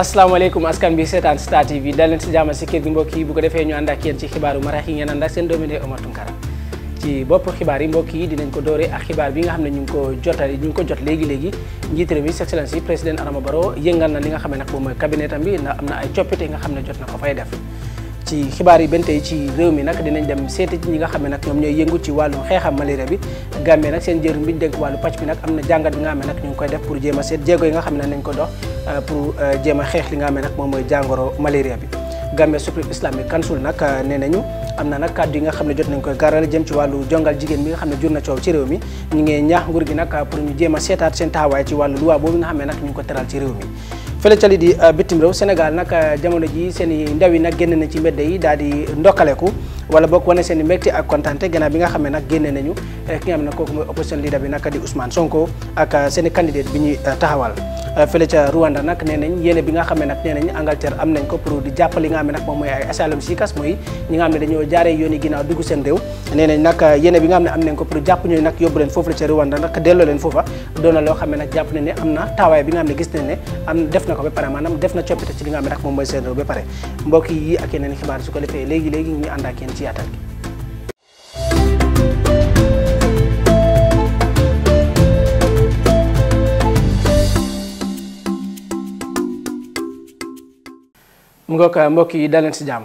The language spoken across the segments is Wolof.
asalaamaaleykum askan bi seetaan Star TV dal leen si jàmm si kër gi mbokk yi ko defee ñu ànd ak yéen ci xibaaru marax yi ngeen ànd ak seen doomi ndey Omar Tunkara ci bopp xibaar yi mbokk yi dinañ ko doore ak xibaar bi nga xam ne ñu ngi ko jotali ñu ngi ko jot léegi-léegi njiit réew mi His Excellency yi président Adama Barrow yëngal na li nga xam ne nag moom mooy cabinet am bi ndax am na ay coppite yi nga xam ne jot na ko fay def ci xibaar yi benn tey ci réew mi nag dinañ dem seeti ci ñi nga xam ne nag ñoom ñooy yëngu ci wàllu xeexam malaria bi Gambie nag seen jëriñ bi ñu dénk wàllu pàcc bi na jàngat bi nga xam ne nag ñu ngi koy def pour jéem a seet jéego yi nga xam ko dox euh, pour euh, jéem a xeex li nga xam ne nag moom mooy jàngoro malaria bi Gambia Supreme Islamic Council nag euh, nee nañu am na nag kàddu yi nga xam ne jot nañ koy garal jëm ci wàllu jongal jigéen bi nga xam ne jur na coow ci réew mi ñu ngi ñaax nguur gi nag pour ñu jéem a seetaat seen taxawaay ci wàllu luwaa boobu nga xam ne nag ñu ngi ko teral ci réew mi fële ca di euh, bitim réew Sénégal nag euh, jamono ji seen i ndaw yi nag génn na ci mbedd yi daal di ndokkaleku wala boog wane seen i mbégte ak kontaante gannaaw bi nga xam ne nag génne nañu eh, ki nga xam ne kooku mooy opposition leader bi nag di Ousmane Sonko ak eh, seen i candidate eh, bi nga xam ne nag nee nañ Angleterre am nañ ko pour di ne nag ko pour jàpp ñooy nag yóbbu leen foofu la ca Rwanda nag delloo leen foofa doon na loo xam ne nag jàpp nañ ne am na taawaay bi nga xam ne gis nañ ne am def na ko ba pare maanaam def na coppite ci li nga xam nag moom mooy seen réew ba pare mbokk yi ak yeneen léegi léegi ñu ànd mu ngoog mbokk yi daleen si jàmm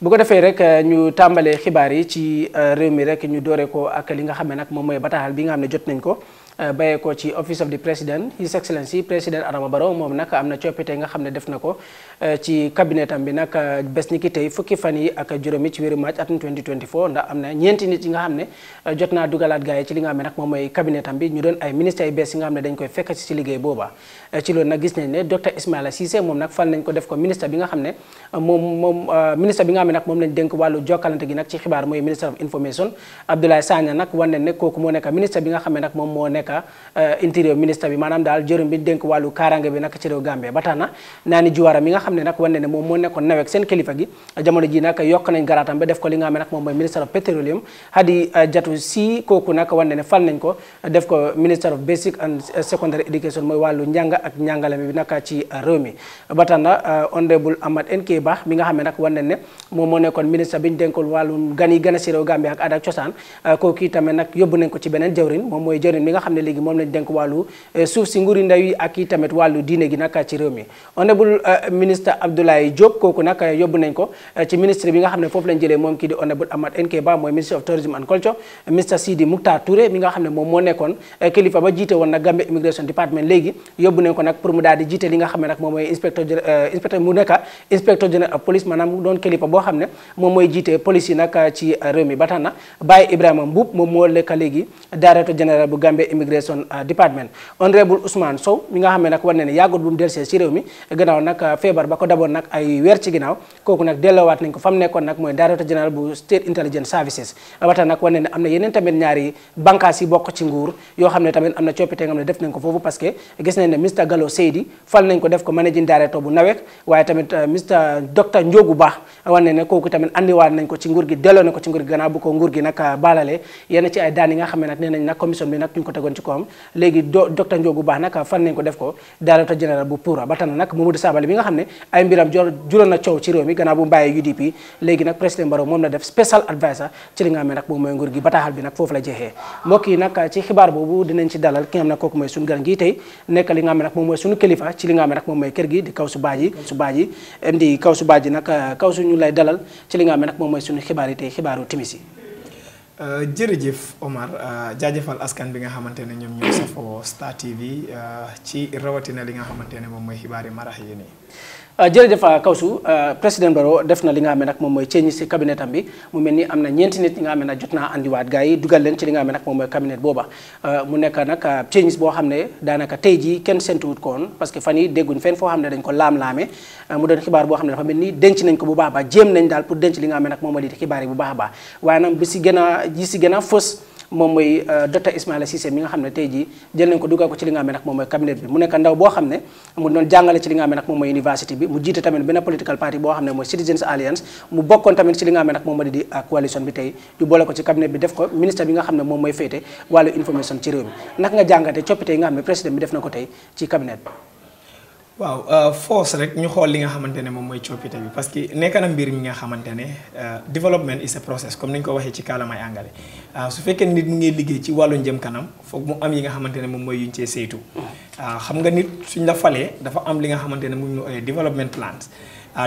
bu ko defee rek ñu tàmbalee xibaar yi ci euh, réew mi rek ñu doore ko ak li nga xam ne nag moom mooy bataaxal bi nga xam ne jot nañ ko. Euh, bayee ko ci office of the president his excellency président Adama Barrow moom nag am na coppite nga xam ne def na ko euh, ci cabinet am bi nag euh, bés ni ki tey fukki fan yi ak juróomi ci wéru maaj atum 2024 ndax am na ñeenti nit yi nga xam ne jot naa dugalaat gars yi ci li nga xam ne nag moom mooy cabinet bi ñu doon ay ministres yu bees yi nga xam ne dañ koy fekk ci liggéey booba ci loolu nag gis nañ ne docteur Ismaïla Cissé moom nag fal nañ ko def ko ministre euh, euh, of information Hadi euh, Jatu Si kooku nag fal nañ ko def ko ministre of basic and secondary education mooy wàllu njàng ak njàngale bi naka ci réew mi ba tax na euh, honorable Amad NK Bah mi nga xam ne moo nekkoon ministre bi ñu dénkoon wàllum gan yi gane si réew Gambie ak aada ak cosaan euh, kooku tamit ko ci beneen jawrin moom mooy jawrin mi nga xam ne léegi moom lañ dénk wàllu euh, suuf si nguuri ndaw yi ak i tamit wàllu diine gi naka ci réew mi honorable ministre Abdoulaye Diop kooku nag yóbbu nañ bi nga xam ne foofu lañ jëlee moom kii di honorable Amad NK Bah mooy ministre of tourism and culture mi nga xam ne moom moo nekkoon kilifa ba jiite woon na Gambia immigration department léegi yóbbu nañ ko nag pour mu daal di jiite li nga xam ne nag moom mooy inspecteur euh, inspecteur mu nekk inspecteur général police maanaam doon kilifa boo xam ne moom mooy jiite police yi nag euh, ci euh, réew mi ba tax na Baye Ibrahima Mboup moom moo lekk léegi directeur général bu Gambia Immigration Department honorable Ousmane Sow mi nga xam ne nag war na ne yàggut bu mu delsee ci réew mi gannaaw nag feebar ba ko daboon nag ay weer ci ginnaaw kooku nag delloowaat nañ ko fa mu nekkoon nag mooy directeur général bu State Intelligence Services ba tax nag war na ne am na yeneen tamit ñaari bànqaas yi bokk ci nguur yoo xam ne tamit am na coppite nga xam ne def nañ ko foofu parce que gis nañ ne Mr Gallo Seydi fal nañ ko def ko managing director bu NAWEC waaye tamit euh, Mr docteur Ndiogu Ba wane ne kooku tamit andiwaat nañ ko ci nguur gi delloo na ko ci nguur gi gannaaw bu ko nguur euh, ko tegoon ci kawam léegi docteur Ndiogu Ba nag fal nañ ko def ko directeur général bu PURA ba tax na nag Momodou Sabally bi nga xam ne ay mbiram juróon na coow ci réew mi gannaaw bu mu UDP léegi nag président Barrow moom la def special adviser ci li nga xam ne nag moom mooy nguur gi bataaxal bi nag foofu la nag moom mooy suñu kilifa ci li nga xam ne nag moom mooy kër gi di Kawsu Badji su Badji di Kawsu Badji nag euh, Kawsu ñu lay dalal ci li nga xam ne nag moom mooy suñu xibaar yi tey xibaaru timis yi euh, jërëjëf Omar euh, jaajëfal askan bi nga xamante ne ñoom ñoo safoo Star TV ci rawatina li nga xamante ne moom mooy xibaari marax yi nii Euh, jërëjëf euh, Kawsu euh, président Barrow def na li nga xam ne nag moom mooy ceeñi si cabinet bi mu mel ni am na ñeenti nit ñi nga xam ne nag jot naa andiwaat gars yi dugal leen ci li nga xam ne nag moom mooy cabinet booba mu nekk nag xam ne daanaka tey jii kenn séntuwut ko woon parce que fan yi dégguñ fenn foo xam ne dañ ko laam-laame mu xibaar boo xam ne dafa mel ni denc nañ ko bu baax a baax jéem nañ daal pour denc li nga xam ne nag moom mooy xibaar yi bu baax a baax waaye nag bi a yi si gën a fës moom mooy euh, Data a Cissé mi nga xam ne tey ji jël nañ ko dugal ko ci li nga xam ne nag moom mooy cabinet bi mu nekk ndaw boo xam ne mu doon jàngale ci li nga xam ne nag moom mooy université bi coalition bi tey ñu boole ko ci cabinet bi def ko ministre bi nga xam ne moom mooy féete wàllu information ci réew mi naka nga jàngate coppite yi nga xam ne président bi def na ko tey ci cabinet waaw euh, force rek ñu xool li nga xamante ne moom mooy coppite bi parce que nekk na mbir mi nga xamante ne euh, development is a process comme ni ñu ko waxee ci kaalamay àngale euh, su fekkee nit mu ngi liggéey ci wàllu njëm kanam foog mu am yi nga xamante ne moom mooy yuñ cee saytu xam nga nit suñ la dafa am li nga xamante ne moom mooy development plans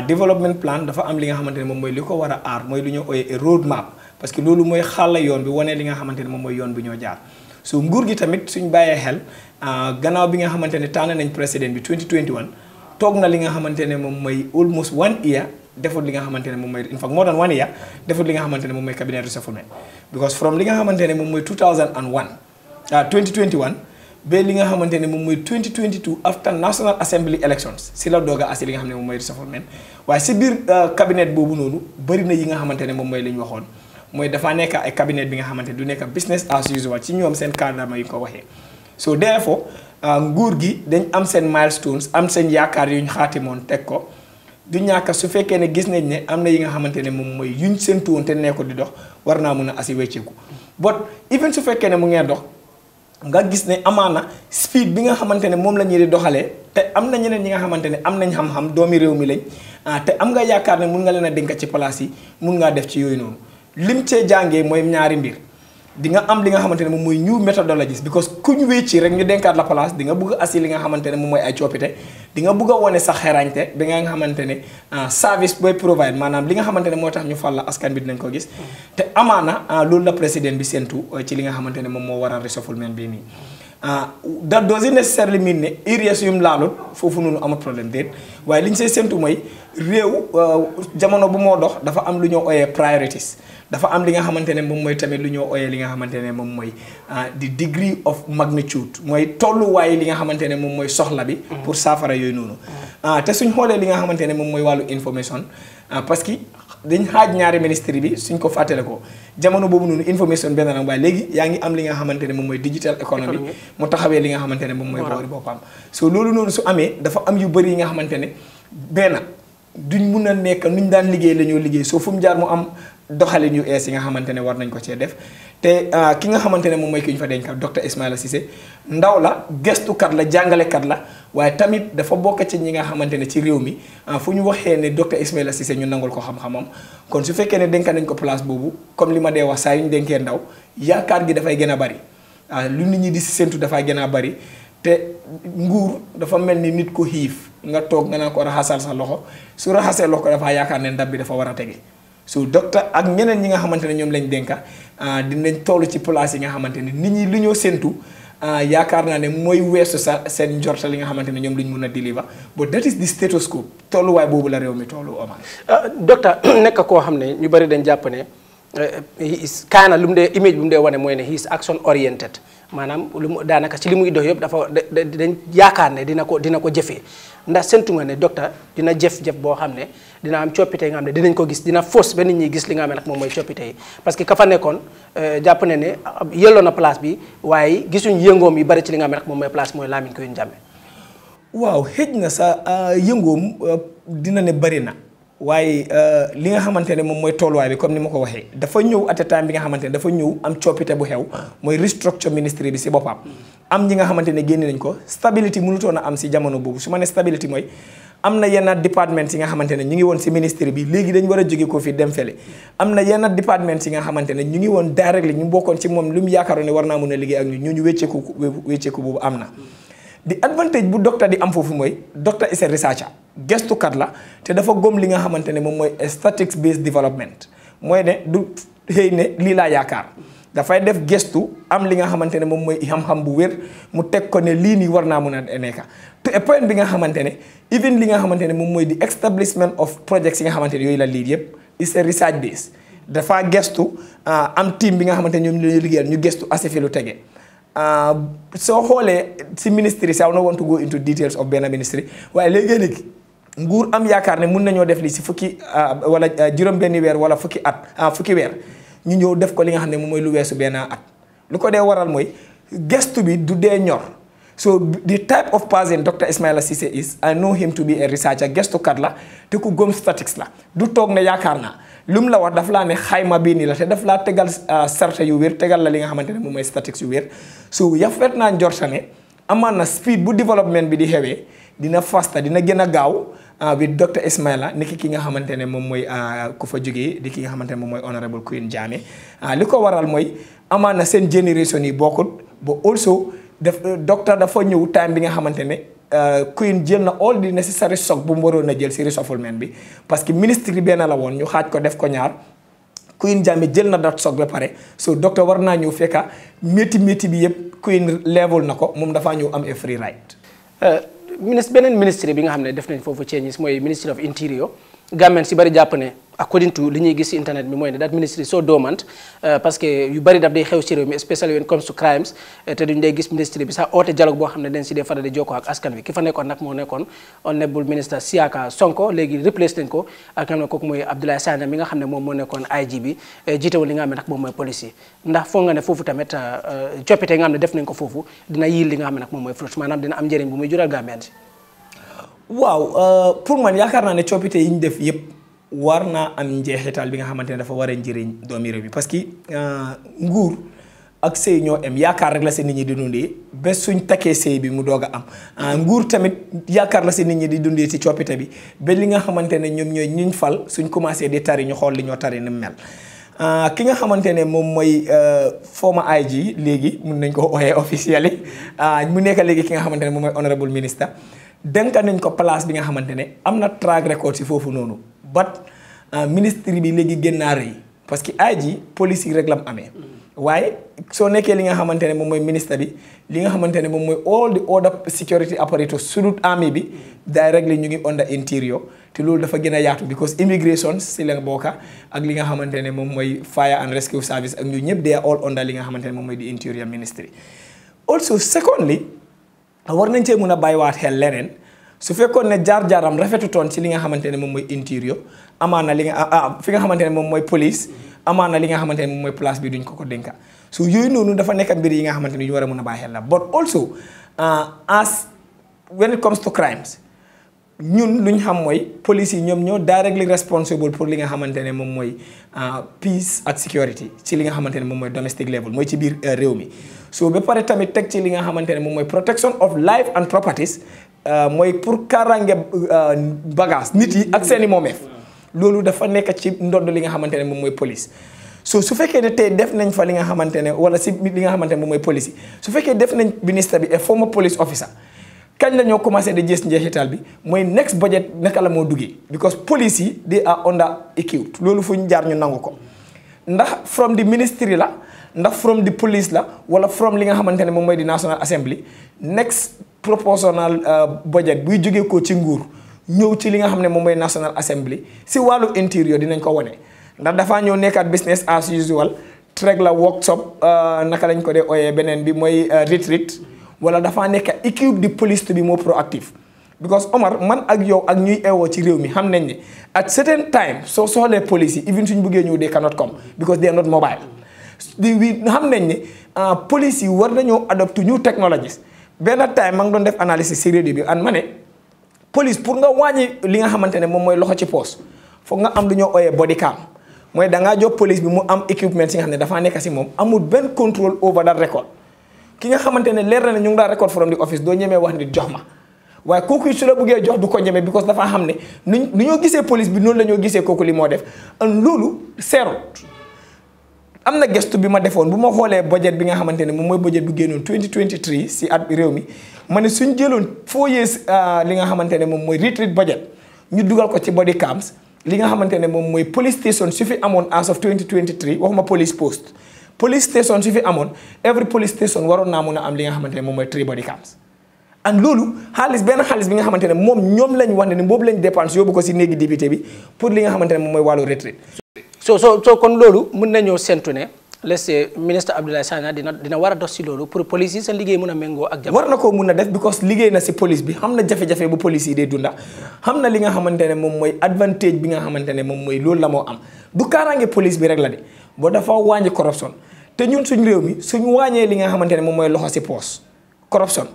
development plan am li nga xamante ne moom mooy li ko war a aar mooy lu ñu ooyee road map parce que loolu mooy xàll yoon bi wane li nga xamante ne moom mooy yoon bi ñoo jaar so nguur gi tamit suñ bàyyee xel Ah, gannaaw bi nga xamante ne tànn nañ président bi 2021 toog na li nga xamante ne moom mooy almost one year defut li nga xamante ne moom mooy in fact more than one year defut li nga xamante ne moom mooy cabinet reshufflement because from li nga xamante moom mooy 2001 ah 2021 ba nga xamante ne moom mooy 2022 after national assembly elections si la doog a asi li nga xam ne moom mooy reshufflement waaye si biir ah, cabinet boobu noonu bëri na yi nga xamante ne moom mooy li ñu waxoon mooy dafa nekk ay cabinet bi nga xamante ne du nekk business as usual ci ñoom so therefore euh, nguur gi dañ am seen milestones am seen yaakaar yu xaati xaatimoon teg ko du ñàkk su fekkee ne gis nañ ne am na yi nga xamante ne moom mooy yuñ séntu woon te nee ko di dox war naa mun a asi wecceeku but even su fekkee ne mu ngee dox nga gis ne amaana speed bi nga xamante ne moom la ñuy di doxalee te am na ñeneen ñi nga xamante ne am nañ xam-xam doomi réew mi lañ ah te am nga yaakaar ne mun nga leen a dénk ci place yi mun ngaa def ci yooyu noonu lim cee jàngee mooy ñaari mbir. di nga am li nga xamante ne moom mooy new méthodologies because ku ñu wécci rek ñu denkaat la place di nga bëgg assi li nga xamante ne moom mooy ay coppite di nga bëgg a wane sa xerañte bi nga xamante ne ah, service booy provide maanaam li nga xamante ne moo tax ñu fal la askan bi dinañ ko gis te amaana ah, loolu la président bi séntu eh, ci li nga xamante ne moom moo waral reshufflement bii nii ah, that doesn't necessarily mean ne areas yu mu laalut foofu noonu amul problème déet waaye li ñu see séntu mooy réew eh, jamono bu moo dox dafa am lu ñoo ooyee priorities dafa am li nga xamante ne moom mooy tamit lu ñoo ooyee li nga xamante ne moom mooy di ah, degree of magnitude mooy tolluwaay li nga xamante ne moom mooy soxla bi. Mm. pour saafara yooyu noonu. Mm. Ah, te suñ xoolee li nga xamante ne moom mooy wàllu information ah, parce que dañ xaaj ñaari bi suñ ko fàttale ko jamono boobu noonu information benn la waaye léegi yaa ngi am li nga xamante ne moom mooy digital economy mu taxawee li nga xamante ne moom mooy boori boppam so loolu noonu su amee dafa am yu bëri yi nga xamante ne benn duñ mun a nekk nuñ daan liggéey la ñoo liggéey soo fu mu jaar mu am doxalin yu ees yi nga xamante ne war nañ ko cee def te euh, ki nga xamante ne moom mooy ki ñu fa dencal docteur Ismaila Cissé ndaw la gëstukat la jàngalekat la waaye tamit dafa bokk ci ñi nga xamante ne ci réew mi euh, fu ñu waxee ne docteur Ismaila Cissé ñu nangul ko xam-xamam kon su fekkee ne dénka nañ ko place boobu comme li ma dee wax saa yu ñu dénkee ndaw yaakaar gi dafay gën a bari euh, lu nit ñi di si dafaa gën a bari te nguur dafa mel ni nit ko xiif nga toog nga naa ko raxasal sa loxo su raxasee loxo dafaa yaakaar ne ndab bi dafa war a tege su docteur ak ñeneen ñi nga xamante ne ñoom lañ dénka ah, dinañ toll ci place yi nga xamante ne nit ñi li ñoo séntu ah, yaakaar naa ne mooy weesu sa seen njorta li nga xamante ne ñoom lu ñu mun a deliver but that is the stethoscope tolluwaay boobu la réew mi tollu Omar. Ah, docteur nekk koo xam ne ñu bari dañ jàpp ne eh, kaana lu mu dee image bu mu dee wane mooy ne he is action oriented. maanaam lu mu daanaka ci li muy dox yëpp dafa dañ yaakaar ne dina ko dina ko jëfee ndax sentu nga ne docteur dina jëf-jëf boo xam ne dina am coppite yi nga xam ne dinañ ko gis dina fos ba nit ñi gis li nga xam ne nag moom mooy coppite yi parce que ka fa nekkoon euh, jàpp ne ne yelloo na place bi waaye gisuñ yëngoom yi bari ci li nga xam ne moom mooy place mooy Lamin Kuyuñ Jammeh waaw xëj na sa euh, yëngoom euh, dina ne bari na waaye euh, li nga xamante ne moom mooy tooluwaay bi comme ni ma ko waxee dafa ñëw at a time bi nga xamante ne dafa ñëw am coppite bu xew mooy restructure ministry bi si boppam. am ñi nga xamante ne génne nañ ko stability mënutoon a am si jamono boobu su ma ne stability mooy am na yenn département yi nga xamante ne ñu ngi woon si ministry bi léegi dañ war a jóge ko fii dem fele am na yenn département yi nga xamante ne ñu ngi woon direct ñu bokkoon ci moom lu mu yaakaaroon ne war naa mun a liggéey ak ñu ñooñu wécceeku wécceeku boobu am na. di advantage bu docteur di am foofu mooy docteur is a researcher gestukat la te dafa góom li nga xamante ne moom mooy statistics based development mooy ne du xëy ne lii laa yaakaar dafay def gestu am li nga xamante ne moom mooy xam bu wér mu teg ko ne lii nii war naa mun a nekka te point bi nga xamante ne even li nga xamante ne moom mooy di establishment of projects yi nga xamante ne yooyu la lii yëpp is a research based dafa gestu ah, am team bi nga xamante ne ñoom la ñu liggéeyal ñu gestu fi lu tege Euh, soo xoolee si ministry si I don't want to go into details of benn ministry waaye léegi-léegi nguur am yaakaar ne mun nañoo def lii si fukki euh, wala euh, juróom-benni weer wala fukki at fukki weer ñu ñëw def ko li nga xam ne moom mooy lu weesu benn at lu ko dee waral mooy gestu bi du dee ñor so di type of person Dr. Ismaila Ceesay is I know him to be a researcher gestukat la te ku gëm statistics la du toog ne yaakaar naa. lu mu la wax daf laa ne xayma bi nii la te daf laa tegal euh, sarte yu wér tegal la li nga xamante ne moom mooy statistics yu wér so yafet naa njorta ne amaan na speed bu développement bi di xewee dina fasta dina gën a gaaw euh, with docteur Ismaila niki ki nga xamante ne moom mooy euh, ku fa jógee di ki nga xamante ne moom mooy honorable Queen Jammeh li ko waral mooy amaan na seen génération yi bokkut ba also def docteur dafa ñëw time bi nga xamante ne Euh, Queen jël na all di necessary sock bu mu waroon a jël si reshufflement bi parce que ministre yi benn la woon ñu xaaj ko def ko ñaar Queen jàmbe jël na dat stock ba pare so docteur war naa ñëw fekka métti métti bi yëpp Queen level na ko moom dafaa ñëw am a free ride. Euh, ministre beneen ministre bi nga xam ne def nañ foofu changes mooy ministry of interior. gàmmeen si bari jàpp ne according to li ñuy gis si internet bi mooy ne that ministry so dormant euh, parce yu bari daf day xew si réew mi especially when it comes to crimes euh, te duñ day gis ministry bi sax oote dialogue boo xam ne dañ si dee fada di jokkoo ak askan wi ki fa nekkoon kooku mooy Abdoulaye Sanja mi nga xam ne moom moo nekkoon IG bi euh, jiitewul li nga xam ne nag moom mooy police ndax foog nga ne foofu tamit coppite nga xam ne def nañ ko foofu dina yiil li nga xam ne moom mooy fruit am njëriñ bu muy jural gàmmeen waaw euh, pour man yaakaar naa ne coppite yi ñu def yëpp war naa am njeexital bi nga xamante ne dafa war a njëriñ doomi réew mi parce que euh, nguur ak sëy ñoo am yaakaar rek la seen nit ñi di dundee ba suñ takkee sëy bi mu doog a am euh, nguur tamit yaakaar la seen nit ñi di dundee ci coppite bi ba li nga xamante ne ñoom ñooy ñuñ fal suñ commencé di tari ñu xool li ñoo tari ni mu mel. ki nga xamante ne moom mooy former IG léegi mun nañ koo ooyee officiel yi mu nekk léegi ki nga xamante ne moom mooy honorable dénka nañ ko place bi nga xamante ne am na track record si foofu noonu bat euh, ministre bi léegi génnaa rëy parce que aji ji yi rek la amee mm-hmm. waaye soo nekkee li nga xamante ne moom mooy ministre bi li nga xamante ne moom mooy all the other security apparatus sudut army bi directly ñu ngi under interior te loolu dafa gën a yaatu because immigration si la bokka ak li nga xamante ne moom mooy fire and rescue service ak ñu ñëpp dee all under li nga xamante ne moom mooy di interior ministry te war nañ cee mun a bàyyiwaat xel leneen su fekkoon ne jaar-jaaram rafetutoon ci li nga xamante ne moom mooy intérieur amaana li nga ah, ah, fi nga xamante ne moom mooy police amaana li nga xamante ne moom mooy place bi duñ ko ko dénka su yooyu noonu dafa nekk mbir yi nga xamante ne ñu war a mun a bàyyi xel la but also ah, as when it comes to crimes ñun lu ñu xam mooy police yi ñoom ñoo directly responsible pour li nga xamante ne moom mooy ah, peace ak security ci li nga xamante ne moom mooy domestic level mooy ci biir euh, réew mi so ba teg ci li nga xamante ne moom mooy protection of life and properties euh, mooy pour kaaraange euh, bagage nit yi ak seeni moomeef loolu dafa nekk ci ndodd li nga xamante ne moom mooy police so su fekkee ne tey def nañ fa li nga xamante ne wala si li nga xamante ne moom mooy police su fekkee def nañ ministre bi et former police officer kañ la ñoo commencé di gis njeexital bi mooy next budget naka la moo duggee because police yi di a under equipped loolu fu ñu jaar ñu nangu ko ndax from the ministry la ndax from di police la wala from li nga xamante ne moom mooy di national assembly next proportional euh, budget buy jógee ko ci nguur ñëw ci li nga xam ne moom mooy national assembly si wàllu intérieur dinañ ko wane ndax dafaa ñëw nekkaat business as usual trek la workshop euh, naka lañ ko dee ooyee beneen bi mooy euh, retreat wala dafaa nekk équipe di police to be more proactive because Omar man ak yow ak ñuy eewoo ci réew mi xam nañ ne at certain time soo soxlee police yi even suñ bëggee ñëw they cannot come because they are not mobile di wi xam nañ ne ah, police yi war nañoo adopté new technologies benn time ma ngi doon def analysis si rédio bi an ma ne police pour nga wàññi li nga xamante ne moom mooy loxo ci poos foog nga am lu ñoo ooyee body cam mooy dangaa jox police bi mu am équipement si nga xam ne dafaa nekk si moom amul benn contrôle over that record ki nga xamante ne leer na ne ñu ngi laa record from the office doo ñemee wax nit jox ma waaye kooku su la bëggee jox du ko ñeme because dafa xam ne ni ni ñoo gisee police bi noonu la ñoo gisee kooku li moo def loolu seerut am na gëstu bi ma defoon bu ma xoolee budget bi nga xamante ne moom mooy budget bi génnoon 2023 si at réew mi ma ne suñ jëloon four years ah, li nga xamante ne moom mooy retreat budget ñu dugal ko ci body cams li nga xamante ne moom mooy police station su fi amoon as of 2023 waxuma police post police station su fi amoon every police station waroon naa mun a am li nga xamante ne moom mooy three body cams xaalis benn xaalis xamante ne moom ñoom lañ wax ne boobu lañ dépense yóbbu ko si néegi député bi pour li nga ne moom mooy wàllu retraite so so so kon loolu mun nañoo séntu ne leste ministre Abdoulaye dina war a dox si loolu pour police yi seen liggéey mun a méngoo ak jamono war na koo mun a si police bi xam na jafe-jafe bu police yi na li nga xamante ne moom mooy advantage bi nga xamante ne moom mooy loolu la moo am du kaaraange police bi rek la de ba dafa wàññi corruption te ñun suñ réew mi suñu wàññee li nga xamante ne moom mooy loxo si poos corruption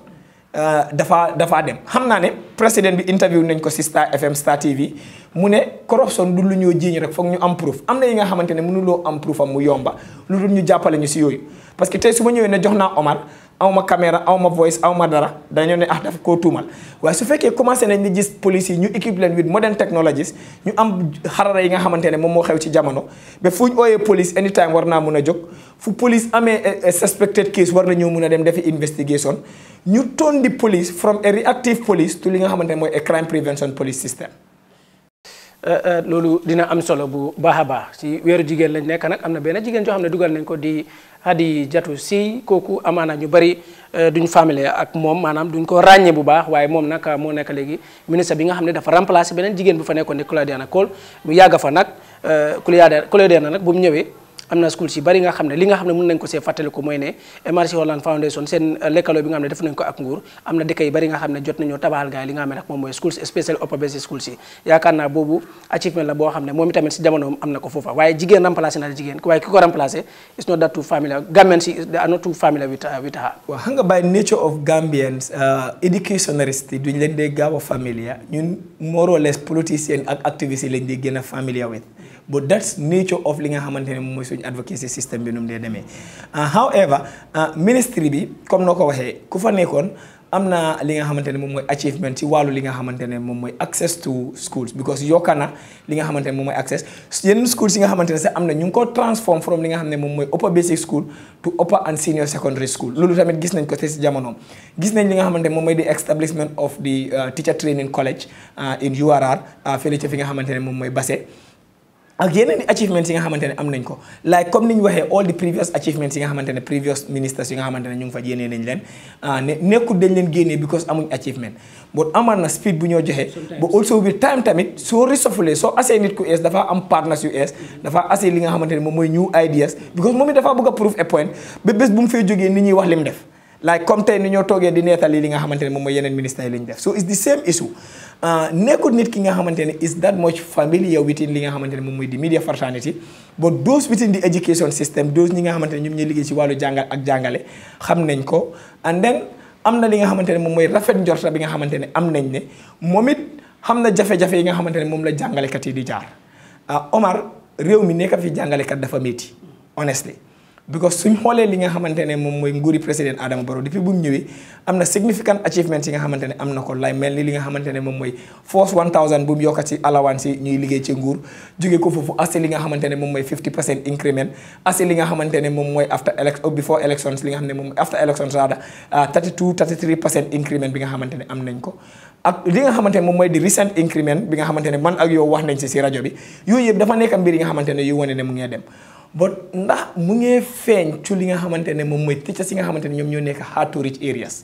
euh, dafa dafaa dem xam naa ne président bi interview nañ ko si Star FM Star TV mu ne corruption du lu ñoo jiiñ rek foog ñu am proof am na yi nga xamante ne mënuloo am proof mu yomba lu dul ñu jàppale ñu si yooyu parce que tey su ma ñëwee ne jox naa Omar aw ma caméra aw ma voice aw ma dara dañoo ne ah dafa koo tuumal waaye su fekkee commencé nañ ni gis police yi ñu équipe leen with modern technologies ñu am xarala yi nga xamante ne moom moo xew ci jamono ba fu ñu ooyee police anytime war naa mun a jóg fu police amee eh, eh, suspected case war nañoo mun a dem defi investigation ñu turn di police from a reactive police to li nga xamante ne mooy a crime prevention police system. Eh, loolu dina am solo bu baax a baax ci weeru jigéen lañ nekk nag am na benn jigéen joo xam ne dugal nañ ko di. Hadi jatu si kooku amaana ñu bari euh, duñ familier ak moom maanaam duñ ko ràññee bu baax waaye moom nag euh, moo nekk léegi ministre bi nga xam ne dafa remplacer beneen jigéen bu fa nekkoon ne Claudiana Cole mu yàgg fa nag euh, Claudiana Claudiana nag bu mu ñëwee. am na schools yi bari nga xam ne li nga xam ne mën nañ ko see fàttaliku mooy ne MRC Holland Foundation seen euh, lekkaloo bi nga xam ne def nañ ko ak nguur am na dëkk yi bari nga xam ne jot nañoo tabaxal gaay li nga xam ne nag moom mooy schools spécial opportunity schools yi yaakaar naa boobu achievement la boo xam ne moom itamit si jamonoom am na ko foofa waaye jigéen remplacé na jigéen waaye ki ko remplacé is not that too familiar Gambians they are uh, uh, leen dee a familiar ñun more or less politiciens ak activistes yi lañ dee bu that's nature of li nga xamante ne moom mooy suñu advocacy system bi nu mu dee demee uh, however uh, ministry bi comme noo ko waxee ku fa nekkoon am na li nga xamante ne moom mooy achievement ci wàllu li nga xamante ne moom mooy access to schools because yokka na li nga xamante ne moom mooy access yenn schools yi nga xamante ne sax am na ñu ngi ko transform from li nga xam ne moom mooy upper basic school to upper and senior secondary school loolu tamit gis nañ ko te gis nañ li nga xamante moom mooy di establishment of the uh, teacher training college in mooy Basse ak yeneen i achievements yi nga xamante ne am nañ ko like comme ni ñu waxee all the previous achievements yi nga xamante ne previous ministers yi fa génnee leen ah, ne nekkul dañ leen génnee because amuñ achievement but amaan na speed bu ñoo joxe. ba also bi time tamit soo resofule soo asee nit ku ees dafa am partners yu ees dafa asee li nga xamante moom mooy new ideas because moom it dafa bëgg a prove a point ba bu mu fee jógee nit ñuy wax lim def. like comme tey ni ñoo toogee di neetali li nga xamante ne moom mooy yeneen ministres yi li def so it's the same issue uh, nekkul nit ki nga xamante ne is that much familiar within li nga xamante ne moom mooy di media fraternity but those within the education system those ñi nga xamante ne ñoom ñooy liggéey ci wàllu jàngal ak jàngale xam nañ ko and am na li nga xamante ne moom mooy rafet njorta bi nga xamante ne am nañ ne moom it xam na jafe-jafe yi nga xamante ne moom la jàngalekat yi di jaar uh, Omar réew mi nekk fi jàngalekat dafa métti honestly because suñ xoolee li nga xamante ne moom mooy nguuri président Adama Barrow depuis bu mu ñëwee am na significant achievements yi nga xamante ne am na ko lay mel ni li nga xamante ne moom mooy force 1000 bu mu yokka ci allowance yi ñuy liggéey ci nguur jóge ko foofu assez li nga xamante ne moom mooy 50 percent increment assez li nga xamante ne nañ ko li nga xamante moom mooy di recent increment bi nga xamante man ak yow wax nañ si si rajo bi yooyu yëpp dafa nekk mbir nga xamante yu wane ne mu ngee dem ba ndax mu ngee feeñ ci li nga xamante ne moom mooy teachers yi nga xamante ne ñoom ñoo nekk hard to reach areas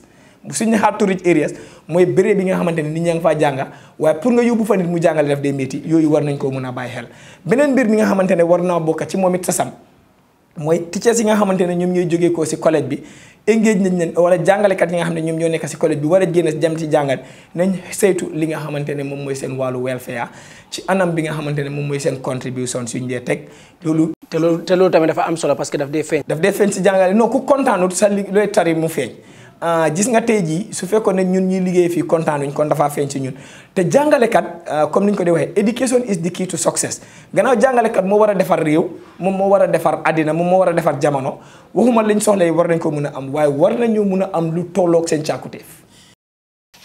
suñu ne mooy béréb bi nga xamante ne nit ñaa faa jànga waaye pour nga yóbbu fa nit mu jàngale def day war nañ koo mun a bàyyi xel beneen mbir mi nga xamante ne war naa bokk ci moom it sasam mooy teachers nga xamante ne ñoom ñooy jógee ko si collège bi engage nañ leen wala jàngalekat yi nga xam ne ñoom ñoo nekk si collège bi war a génn jëm ci jàngat nañ saytu li nga xamante ne moom mooy seen wàllu welfare ci anam bi nga xamante ne moom mooy seen contribution suñ dee teg loolu te loolu te loolu tamit dafa am solo parce que daf dee feeñ. daf dee feeñ si jàngale non ku kontaanut sa li tari mu feeñ ah, gis nga tey jii su fekkoon ne ñun ñuy liggéey fii kontaanuñ kon dafaa feeñ si ñun te jàngalekat ah, comme ni ñu ko di waxee education is the key to success gannaaw jàngalekat moo war a defar réew moom moo war a defar àddina moom moo war a defar jamono waxuma liñ soxla yi war nañ ko mun a am waaye war nañoo mun a am lu tolloog seen càkkutéef.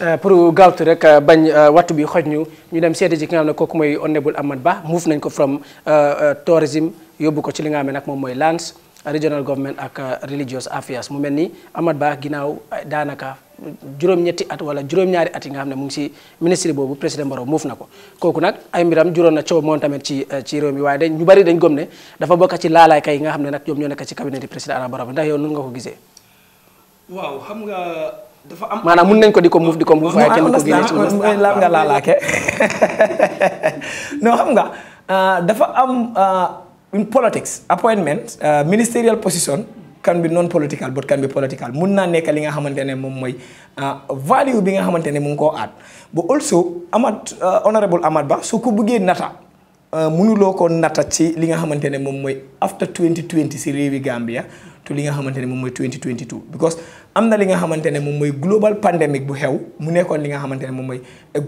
Ah, pour gaawtu rek bañ wattu bi xoj ñu ñu dem seeti ci ki nga xam ne kooku mooy honorable Amad Bah move nañ ko from tourism. yóbbu ko ci li nga xam ne nag moom mooy lands regional government ak uh, religious affairs mu mel ni Amat Bah ginnaaw uh, daanaka juróom-ñetti at wala juróom-ñaari at yi nga xam ne mu ngi si ministre boobu président Barrow muuf na ko kooku nag ay mbiram juróon na coow moom tamit ci uh, ci réew mi waaye dañ ñu bari dañ gëm ne dafa bokk ci laalaay kay yi nga xam ne nag ñoom ñoo nekk ko gisee. waaw xam nga dafa am. maanaam mun nañ ko di ko muuf di ko muuf. waaye kenn ko génne ci laal nga laalaake non xam in politics appointment uh, ministerial position can be non political but can be political mun naa nekk li nga xamante ne moom mooy uh, value bi nga xamante ne mu ngi ko aat bu also Amat uh, honorable Amat ba su ko bëggee nata uh, mënuloo ko nata ci li nga xamante ne moom mooy after 2020 si réewi Gambia to li nga xamante ne moom mooy 2022 because am na li nga xamante ne moom mooy global pandemic bu xew mu nekkoon li nga xamante ne moom mooy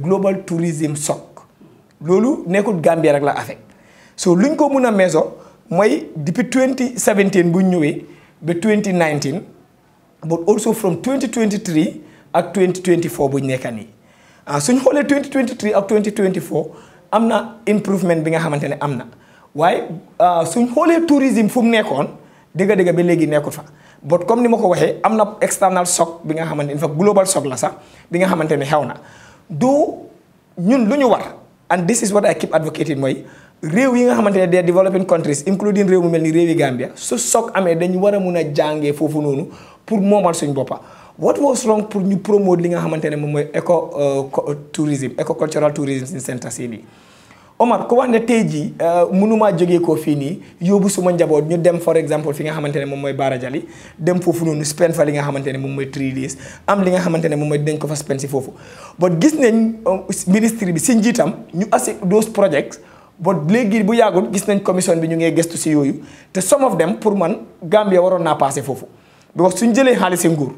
global tourism shock loolu nekkul Gambia rek la affect so lu ñu ko mun a meeso mooy depuis 2017 bu ñëwee ba 2019 but also from 2023 ak 2024 bu ñu nekka nii ah suñ xoolee 2023 ak 2024 am na improvement bi nga xamante ne am na waaye ah, suñ xoolee tourisme fu mu nekkoon dëgg-dëgg ba léegi nekkul fa but comme ni ma ko waxee am na external shock bi nga xamante ne fa global shock la sax bi nga xamante ne xew na doo ñun lu ñu war and this is what I keep advocating mooy réew yi nga xamante ne des developing countries including réew mu mel ni réewi Gambia su soog amee dañu war a mun a jàngee foofu noonu pour moomal suñ boppa what was wrong pour ñu promote li nga xamante ne moom mooy éco uh, tourisme éco cultural tourisme si centre si nii Omar ku wax ne tey jii uh, mënumaa jógee koo fii nii yóbbu suma njaboot ñu dem for exemple fi nga xamante ne moom mooy Barajali dem foofu noonu spend fa li nga xamante ne moom mooy three days am li nga xamante ne moom mooy dinañ ko fa spend si foofu but gis nañ uh, ministre bi si njiitam ñu assi those projects ba léegi bu yàggul gis nañ commission bi ñu ngee gestu si yooyu te some of them pour man Gambia waroon naa passé foofu parce suñ jëlee xaalis si nguur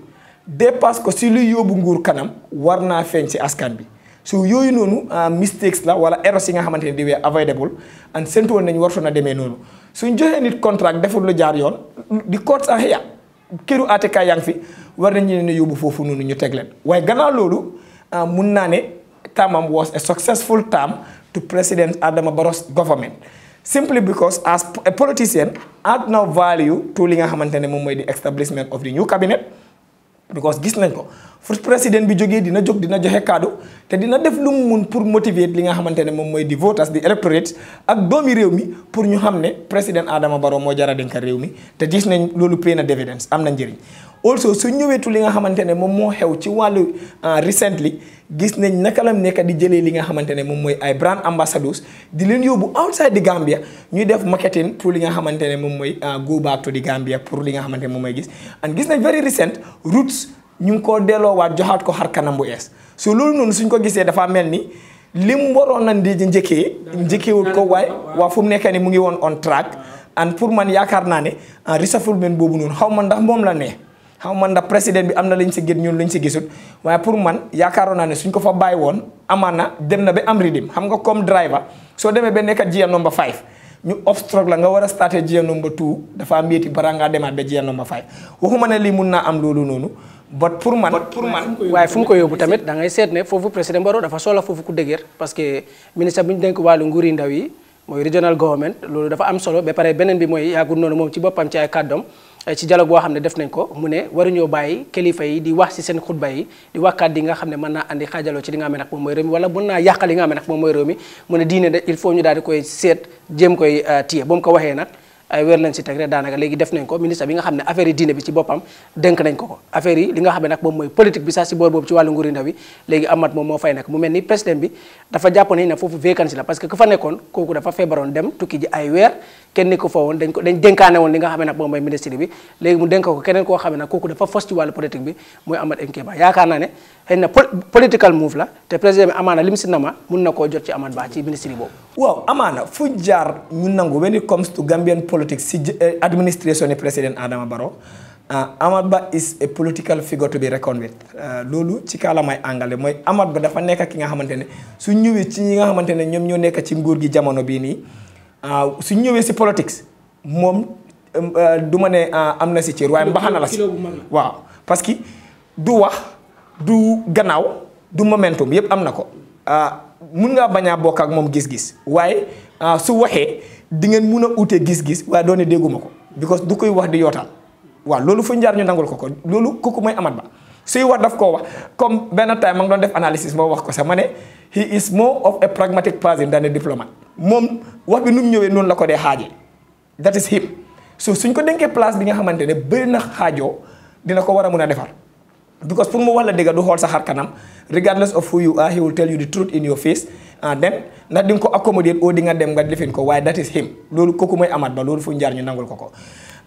dépasse ko si luy yóbbu nguur kanam war naa feeñ si askan bi so yooyu noonu uh, mistakes la wala errors yi nga xamante ne di wee avoidable and séntu woon nañ wartoon a demee noonu suñ joxee nit contract deful lu jaar yoon di court sa xëya këru ATK yaa ngi fi war nañ leen a yóbbu foofu noonu ñu teg leen waaye gannaaw loolu uh, mun naa ne termam was a successful term to President Adama Barrow's government simply because as a politician add na value to li nga xamante ne moom mooy di establishment of the new cabinet because gis nañ ko fu président bi jógee dina jóg dina joxe kaddu te dina def lu mu mun pour motiver li nga xamante ne moom mooy di voters di electorate ak doomi réew mi pour ñu xam ne président Adama Barrow moo jara dénk réew mi te gis nañ loolu pay na dividends am na njëriñ also su ñëweetu li nga xamante ne moom moo xew ci wàllu ah, recently gis nañ naka la nekk di jëlee li nga xamante ne moom mooy ay brand ambassadors di leen yóbbu outside di Gambia ñuy def marketing pour li nga xamante ne moom mooy ah, go back di Gambia pour li nga xamante ne moom mooy gis and gis nañ very recent roots ñu ngi koo delloowaat joxaat ko xar kanam bu ees so loolu noonu suñ ko gisee dafa mel ni lim waroon na di njëkkee njëkkeewut ko waaye waa fu mu nekk ni mu ngi woon on track and pour man yaakaar naa ne ah, reshufflement boobu noonu xaw ma moom la ne xam man ndax président bi am na lañ si gis ñun luñ si gisul waaye pour man yaakaaroon naa ne suñ ko fa bàyyi woon amaan na dem na ba am ridim xam nga comme driver soo demee ba nekk GM number 5 ñu obstruct la nga war a starté GM number 2 dafa métti bara ngaa demaat ba GM number 5 waxuma ne lii mun naa am loolu noonu bot pour man pour man waaye fu ko yóbbu tamit da ngay seet ne foofu président Barrow dafa soxla foofu ku dëgër parce que ministre bi ñu dénk wàllu nguuri mooy regional loolu dafa am solo ba pare beneen bi mooy yàggul noonu moom ci boppam ci ay Euh, ci dialogue boo xam ne def nañ ko mu ne waruñoo bàyyi kilifa yi di wax ci seen xutba yi di waxkaat yi nga xam ne mën naa andi xaajaloo ci li nga xam ne nag moom mooy réew mi wala mën naa yàqal li nga xam ne mooy réew mi mu ne diine de il faut ñu daal di koy seet jéem koy euh, téye ba mu ko waxee nag ay weer lañ si teg rek daanaka léegi def nañ ko ministre bi nga xam ne affaire yi diine bi ci boppam dénk nañ ko ko li nga xam ne nag moom mooy politique bi sax si boor boobu ci wàllu nguuri ndaw léegi amat moom moo fay nekk mu mel ni président bi dafa jàpp nañ ne foofu vacance la parce que ku nekkoon kooku dafa feebaroon dem tukki ji ay weer kenn ni ko fa woon dañ ko dañ dénkaane woon li nga xam ne nag moom mooy ministre bi léegi mu dénk ko keneen koo xam ne nag kooku xëy na political move la te président bi amaana lim si nama mun na koo jot ci Amad Ba ci ministre boobu. waaw amaana fu jaar ñu nangu when it comes to Gambian politics si eh, administration ni président Adama Barrow ah, Amad Ba is a political figure to ah, loolu ci kaalamay angale mooy Amad Ba dafa nekk ki nga xamante ne su ñëwee ci ñi nga xamante ne ñoom ñoo nekk ci nguur gi jamono bii nii ah, su ñëwee si politics moom eh, eh, du ma ne am na si cër waaye mbaxana la si waaw parce que du wax. du gannaaw du momentum yëpp am na ko ah, mun ngaa bañ a bokk ak moom gis-gis waaye ah, su waxee di ngeen mun a utee gis-gis waaye doone dégguma ko because du koy wax di yootaal waaw loolu fu njaar ñu nangul ko ko loolu kooku mooy amat ba suy wax daf koo wax comme benn time ma ngi doon def analysis moo wax ko sax ma ne he is more of a pragmatic person than diplomat moom wax bi nu ñëwee noonu la ko dee xaajee that is him so suñ ko denkee place bi nga xamante ne bëri na xaajoo dina ko war a mun a defar because pour mu wax la dëgg du xool sa xar kanam regardless of who you are he tell you truth in your face and then na di ko accommodate oo di nga dem nga defin ko waaye that is him loolu kooku mooy Amat Bah loolu fu njaar ñu nangul ko ko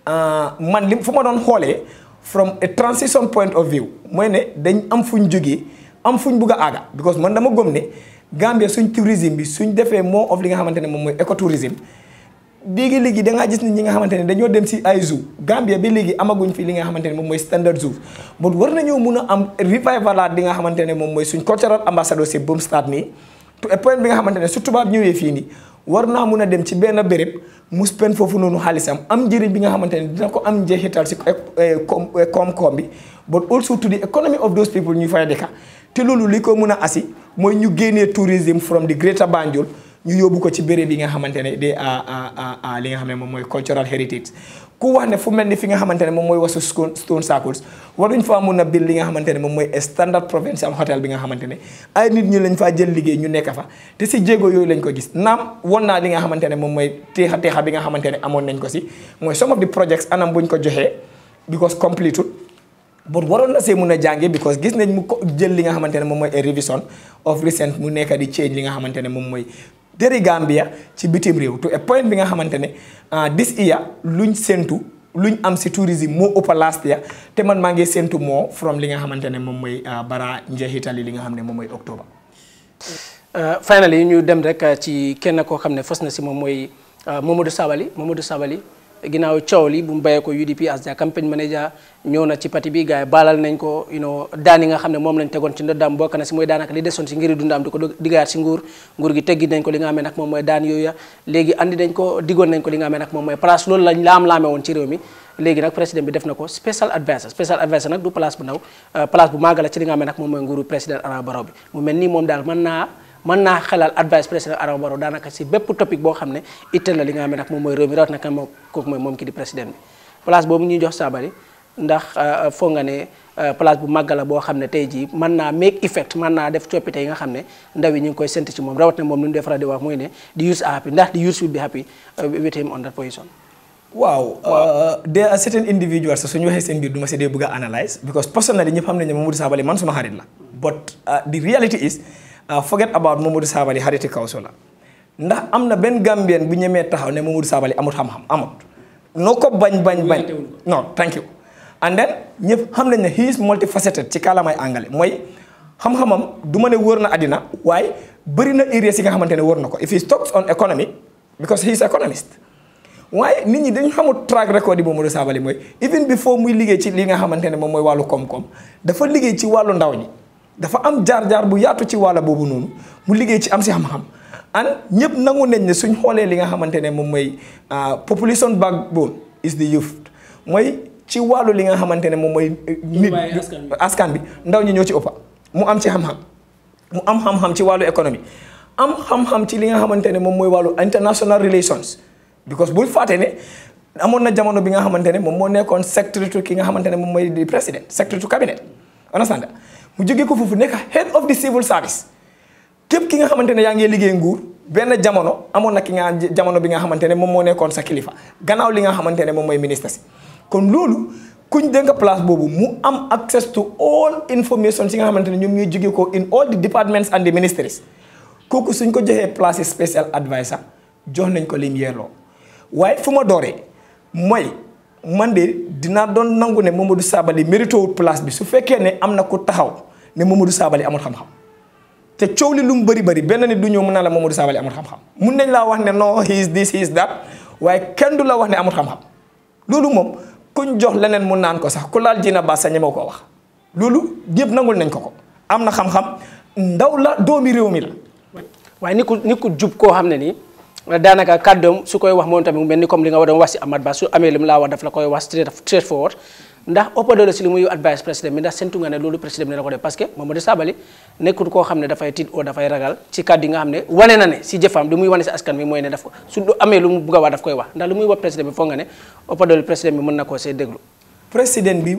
ah, man li fu ma doon xoolee from a transition point of view mooy ne dañ am fuñ jógee am fuñ bugg a aaga because man dama gëm ne Gambia suñ tourisme bi suñ defee moo of li nga xamante ne moom mooy écotourisme léegi léegi da ngaa gis ni ñi nga xamante ne dañoo dem si ay zoo Gambia ba léegi amaguñ fi li nga xamante ne moom mooy standard zoo bon war nañoo mun a am revivalaat li nga xamante ne moom mooy suñ cultural ambassador si Boom Start nii point bi nga xamante ne su tubaab ñëwee fii nii war naa mun a dem ci benn béréb mu spend foofu noonu xaalisam am njëriñ bi nga xamante ne dina ko am njeexital si eh, eh, koom-koom bi but also to the economy of those ñu fay dëkka te loolu li ko mun a asi mooy ñu génnee tourism from the greater Banjul ñu yóbbu ko ci béréb yi nga xamante ne de a li nga xam ne moom mooy cultural heritage ku wax ne fu mel ni fi nga xamante ne moom mooy wasu Stone Circles waruñ faa mun a bil li nga xamante ne moom mooy standard provincial hotel bi nga xamante ne ay nit ñi liggéey ñu nekk fa te si jéego yooyu lañ ko gis naam won naa li nga xamante ne moom mooy teexa teexa bi nga xamante ne amoon nañ ko si mooy some of the projects anam buñ ko joxee because completed bon waroon na see mun a jànge because gis nañ mu jël li nga xamante ne moom mooy revision of recent mu nekk di change li nga xamante ne moom mooy deri Gambia ci bitim réew te point bi nga xamante ne ah, this year luñ séntu luñ am si tourisme moo ëpp last year te man maa ngi séntu moo from li nga xamante ne moom mooy ah, bara njeexitali li nga xam ne moom mooy octobre. Euh, final yi ñu dem rek ah, ci kenn koo xam ne fas na si moom mooy Momodou Sabally Momodou Sabally ginnaaw coow li bu mu bayee ko UDP as their campaign manager ñëw na ci parti bi gars yi baalal nañ ko you know daan nga xam ne moom lañ tegoon ci ndoddaam daan yooyu nañ ko li nga xam ne moom mooy place loolu lañ laam-laamee woon ci réew mi léegi nag président bi def na ko special adviser special adviser nag du place bu ndaw euh, place bu màgg la ci li nga xam ne nag moom mooy nguuru président Adama bi mu mel nii moom daal mën naa mën naa xelal advice président Adama Barrow daanaka si bépp topic boo xam ne itteel la li nga xam ne nag moom mooy réew mi rawatina kan moom kooku mooy moom ki di président bi place boobu ñuy jox Sabally ndax euh, foog nga ne euh, place bu màgg la boo xam ne tey jii mën naa make effect man naa def coppite yi nga xam ne ndaw yi ñu ngi koy séntu ci moom rawatina moom lu ñu def faral di wax mooy ne the youth are happy ndax the youth will be happy uh, with him on that position. Euh, ñu waxee seen mbir du ma a analyse Ah, forget about Mamadou Sabally xariti Kawso la ndax am na benn Gambien bu ñemee taxaw ne Mamadou Sabally amut xam-xam amut noo ko bañ bañ bañ non thank you and then ñëpp xam nañ ne he is multifaceted ci kàllaamay angale mooy xam-xamam du ma ne wër na àddina waaye bëri na areas yi nga xamante ne wër na ko if he talks on economy because he is economist waaye nit ñi dañu xamul track record yi Mamadou Sabally mooy even before muy liggéey ci li nga xamante ne moom mooy wàllu koom-koom ci wàllu ndaw ñi dafa am jaar-jaar bu yaatu ci wàlla boobu noonu mu liggéey ci am si xam-xam an ñëpp nangu nañ ne suñ xoolee li nga xamante ne moom mooy ah, population backbone is the youth mooy ci wàllu li nga xamante ne moom mooy eh, nit askan bi ndaw ñi ñoo ci ëppa mu am ci xam-xam mu am xam-xam ci wàllu économie am xam-xam ci li nga xamante ne moom mooy wàllu international relations because bul fàtte ne amoon na jamono bi nga xamante ne moom moo nekkoon secretary ki nga xamante ne moom mooy di président secretary to cabinet understand mu jógee ko foofu nekk head of the civil service képp ki nga xamante ne yaa ngi liggéey nguur benn jamono amoon na ki nga jamono bi nga xamante ne moom moo nekkoon sa kilifa gannaaw li nga xamante ne moom mooy ministre si kon loolu kuñ dénk place boobu mu am access to all information si nga xamante ne ñoom ñuy jógee ko in all the departments and the ministries kooku suñ ko joxee place spécial advisor jox nañ ko lim yeerloo waaye fu ma dooree mooy man de dinaa doon nangu ne Mamadou Sabali mérité wul place bi su fekkee ne am na ku taxaw ne moom Mamadou Sabali amul xam-xam te coow li lu mu bëri bëri benn nit du ñëw mun naa la moom Mamadou Sabali amul xam-xam mun nañ laa wax ne noo he is this he is that waaye kenn du la wax ne amul xam-xam loolu moom kuñ jox leneen mu naan ko sax ku laal na Ba sa ñemew koo wax loolu yëpp nangul nañ ko ko am na xam-xam ndaw la doomi réew mi la. waaye ni jub koo xam ne nii. daanaka kàddoom su koy wax moom tamit mu mel ni comme li nga wax daf la koy wax straight straight forward ndax ëpp doole si li muy advice président bi ndax sentu nga ne loolu président bi ne ko def parce que Momodou Sabally nekkul koo xam ne dafay tiit oo dafay ragal ci kàddu yi nga ne na a koo see déglu président bi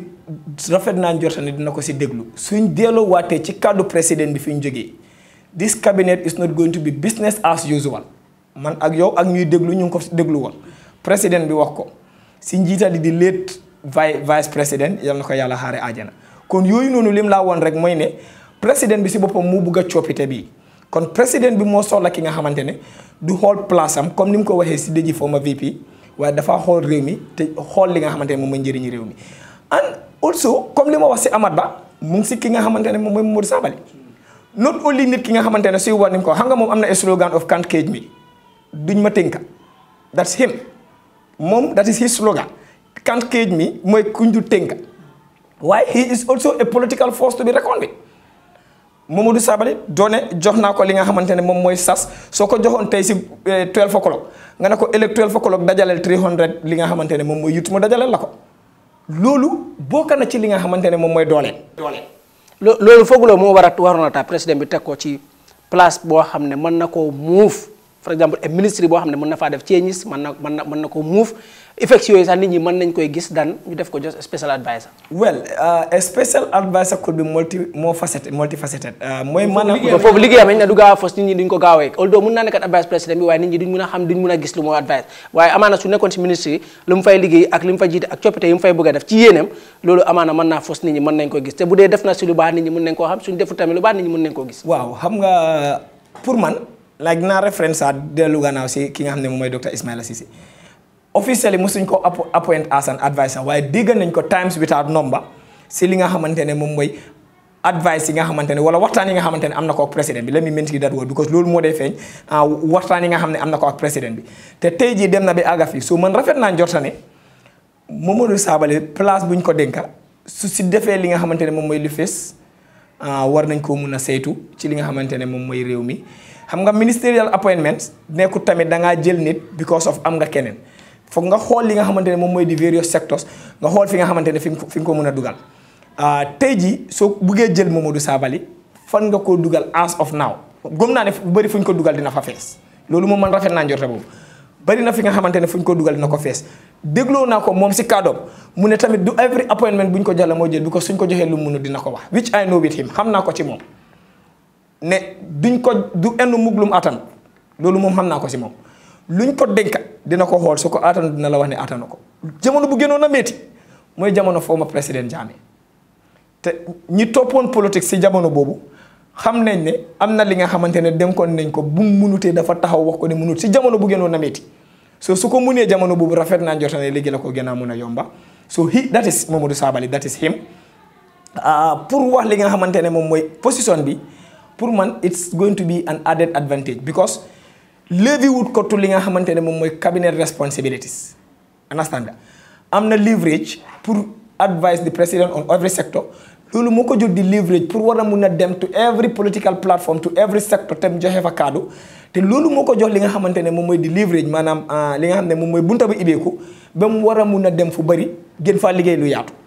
rafet naa njorta ne dina ko si déglu suñ delloo waatee ci kàddu président bi fi ñu this cabinet is not going to be business as usual man ak yow ak ñuy déglu ñu ngi ko déglu woon président bi wax ko si njiitali di late vice président yal na ko yàlla xaare àjjana kon yooyu noonu lim laa woon rek mooy ne président bi si boppam mu bugg a coppite bii kon président bi moo soxla ki nga xamante ne du xool place am comme ni mu ko waxee si dëji former VP waaye dafa xool réew mi te xool li nga xamante ne moom mooy njëriñu réew mi and also comme li ma wax si Amat Bah mu si ki nga xamante ne moom mooy Momodou Sabally not only ki nga xamante ne suy war ni ko moom am na slogan of can't cage me duñ ma tënka that's him moom that is his slogan Kant Cage mi mooy kuñ du tënka waaye he is also a political force to be reckoned with Momodou Sabally doone jox naa ko li nga xamante ne moom mooy sas soo ko joxoon tey si 12 eh, o'clock nga ne ko ëllëg 12 o'clock dajaleel 300 li nga xamante ne moom mooy yut mu dajaleel la ko loolu bokk na ci li nga xamante ne moom mooy dooleel. dooleel loolu fooguloo moo war a waroon a tax président bi teg ko ci place boo xam ne mën na koo muuf par exemple ab na faa def changes mën na mën na ko move effects yooyu nit ñi mën ko euh, euh, gaaw a fos nit ñi duñ ko gaaw a yegg nit ñi duñ mun a xam duñ mun a gis lu moo advice waaye amaana su nekkoon si ministre lu mu fay liggéey ak li mu fay jiite ak coppite yi mu fay bëgg def ci yéenam loolu amaana mën naa fos nit ñi mën nañ ko gis te bu dee def na si lu baax nit ñi mën nañ koo xam suñ defu tamit lu baax nit ñi mën nañ koo gis. waaw xam nga pour like naa référence à dellu gannaaw si ki nga xam ne moom mooy docteur Ismaila Ceesay officially mosuñ ko appoint as an advisor waaye dégg nañ ko times without number si li nga xamante ne moom mooy advice yi nga xamante ne wala waxtaan yi nga xamante ne am na ko ak bi let me mention that word moo dee feeñ ah, waxtaan yi nga xam ne am na ko ak président bi te tey jii dem na bi àgga soo so man rafet naa njorta ne Momodou Sabally place buñ ko dénka su si defee li nga xamante ne moom mooy lu fees ah, war nañ koo mun a saytu ci li nga xamante ne moom mooy réew mi xam nga ministerial appointments nekkul tamit dangaa jël nit because of am nga keneen foog nga xool li nga xamante ne moom mooy di various sectors nga xool fi nga xamante ne fi nga fi nga ko mën a dugal ah, tey jii soo buggee jël Momodou Sabally fan nga koo dugal as of now gëm naa ne bu bëri fu ñu ko dugal dina fa fees loolu moom man rafet naa njorte boobu bari na fi nga xamante ne fu ñu ko dugal dina ko fees dégloo naa ko moom si kàddoom mu ne tamit du every appointment bu ñu ko jàll moo jël bi ko suñ ko joxee lu mu munu dina ko wax which I know xam naa ko ci moom ne duñ ko du enn muglum attan loolu moom xam naa ko si moom luñ ko dénka dina ko xool su ko attanu dina la wax ne attanu ko jamono bu gënoon a métti mooy jamono former président Jammeh te ñi toppoon politique si jamono boobu xam nañ ne am na li nga xamante ne dénkoon nañ ko bu munutee dafa taxaw wax ko ne munut si jamono bu gënoon a métti so su ko munee jamono boobu rafet naa njorta ne léegi la ko gën a mun a yomba so he that is Momodou Sabally that is him ah, pour wax li nga xamante ne moom mooy position bi pour man it's going to be an added advantage because lévi wut ko tu li nga xamante ne moom mooy cabinet responsibilities understand am na leverage pour advise the president on every sector loolu moo ko jot di leverage pour war a mun a dem to every political platform to every sector tam joxe fa kaddu te loolu moo ko jox li nga xamante ne moom mooy di leverage maanaam ah, li nga xam ne moom mooy bunta bi ibeeku ba mu war a mun a dem fu bëri gën faa liggéey lu yaatu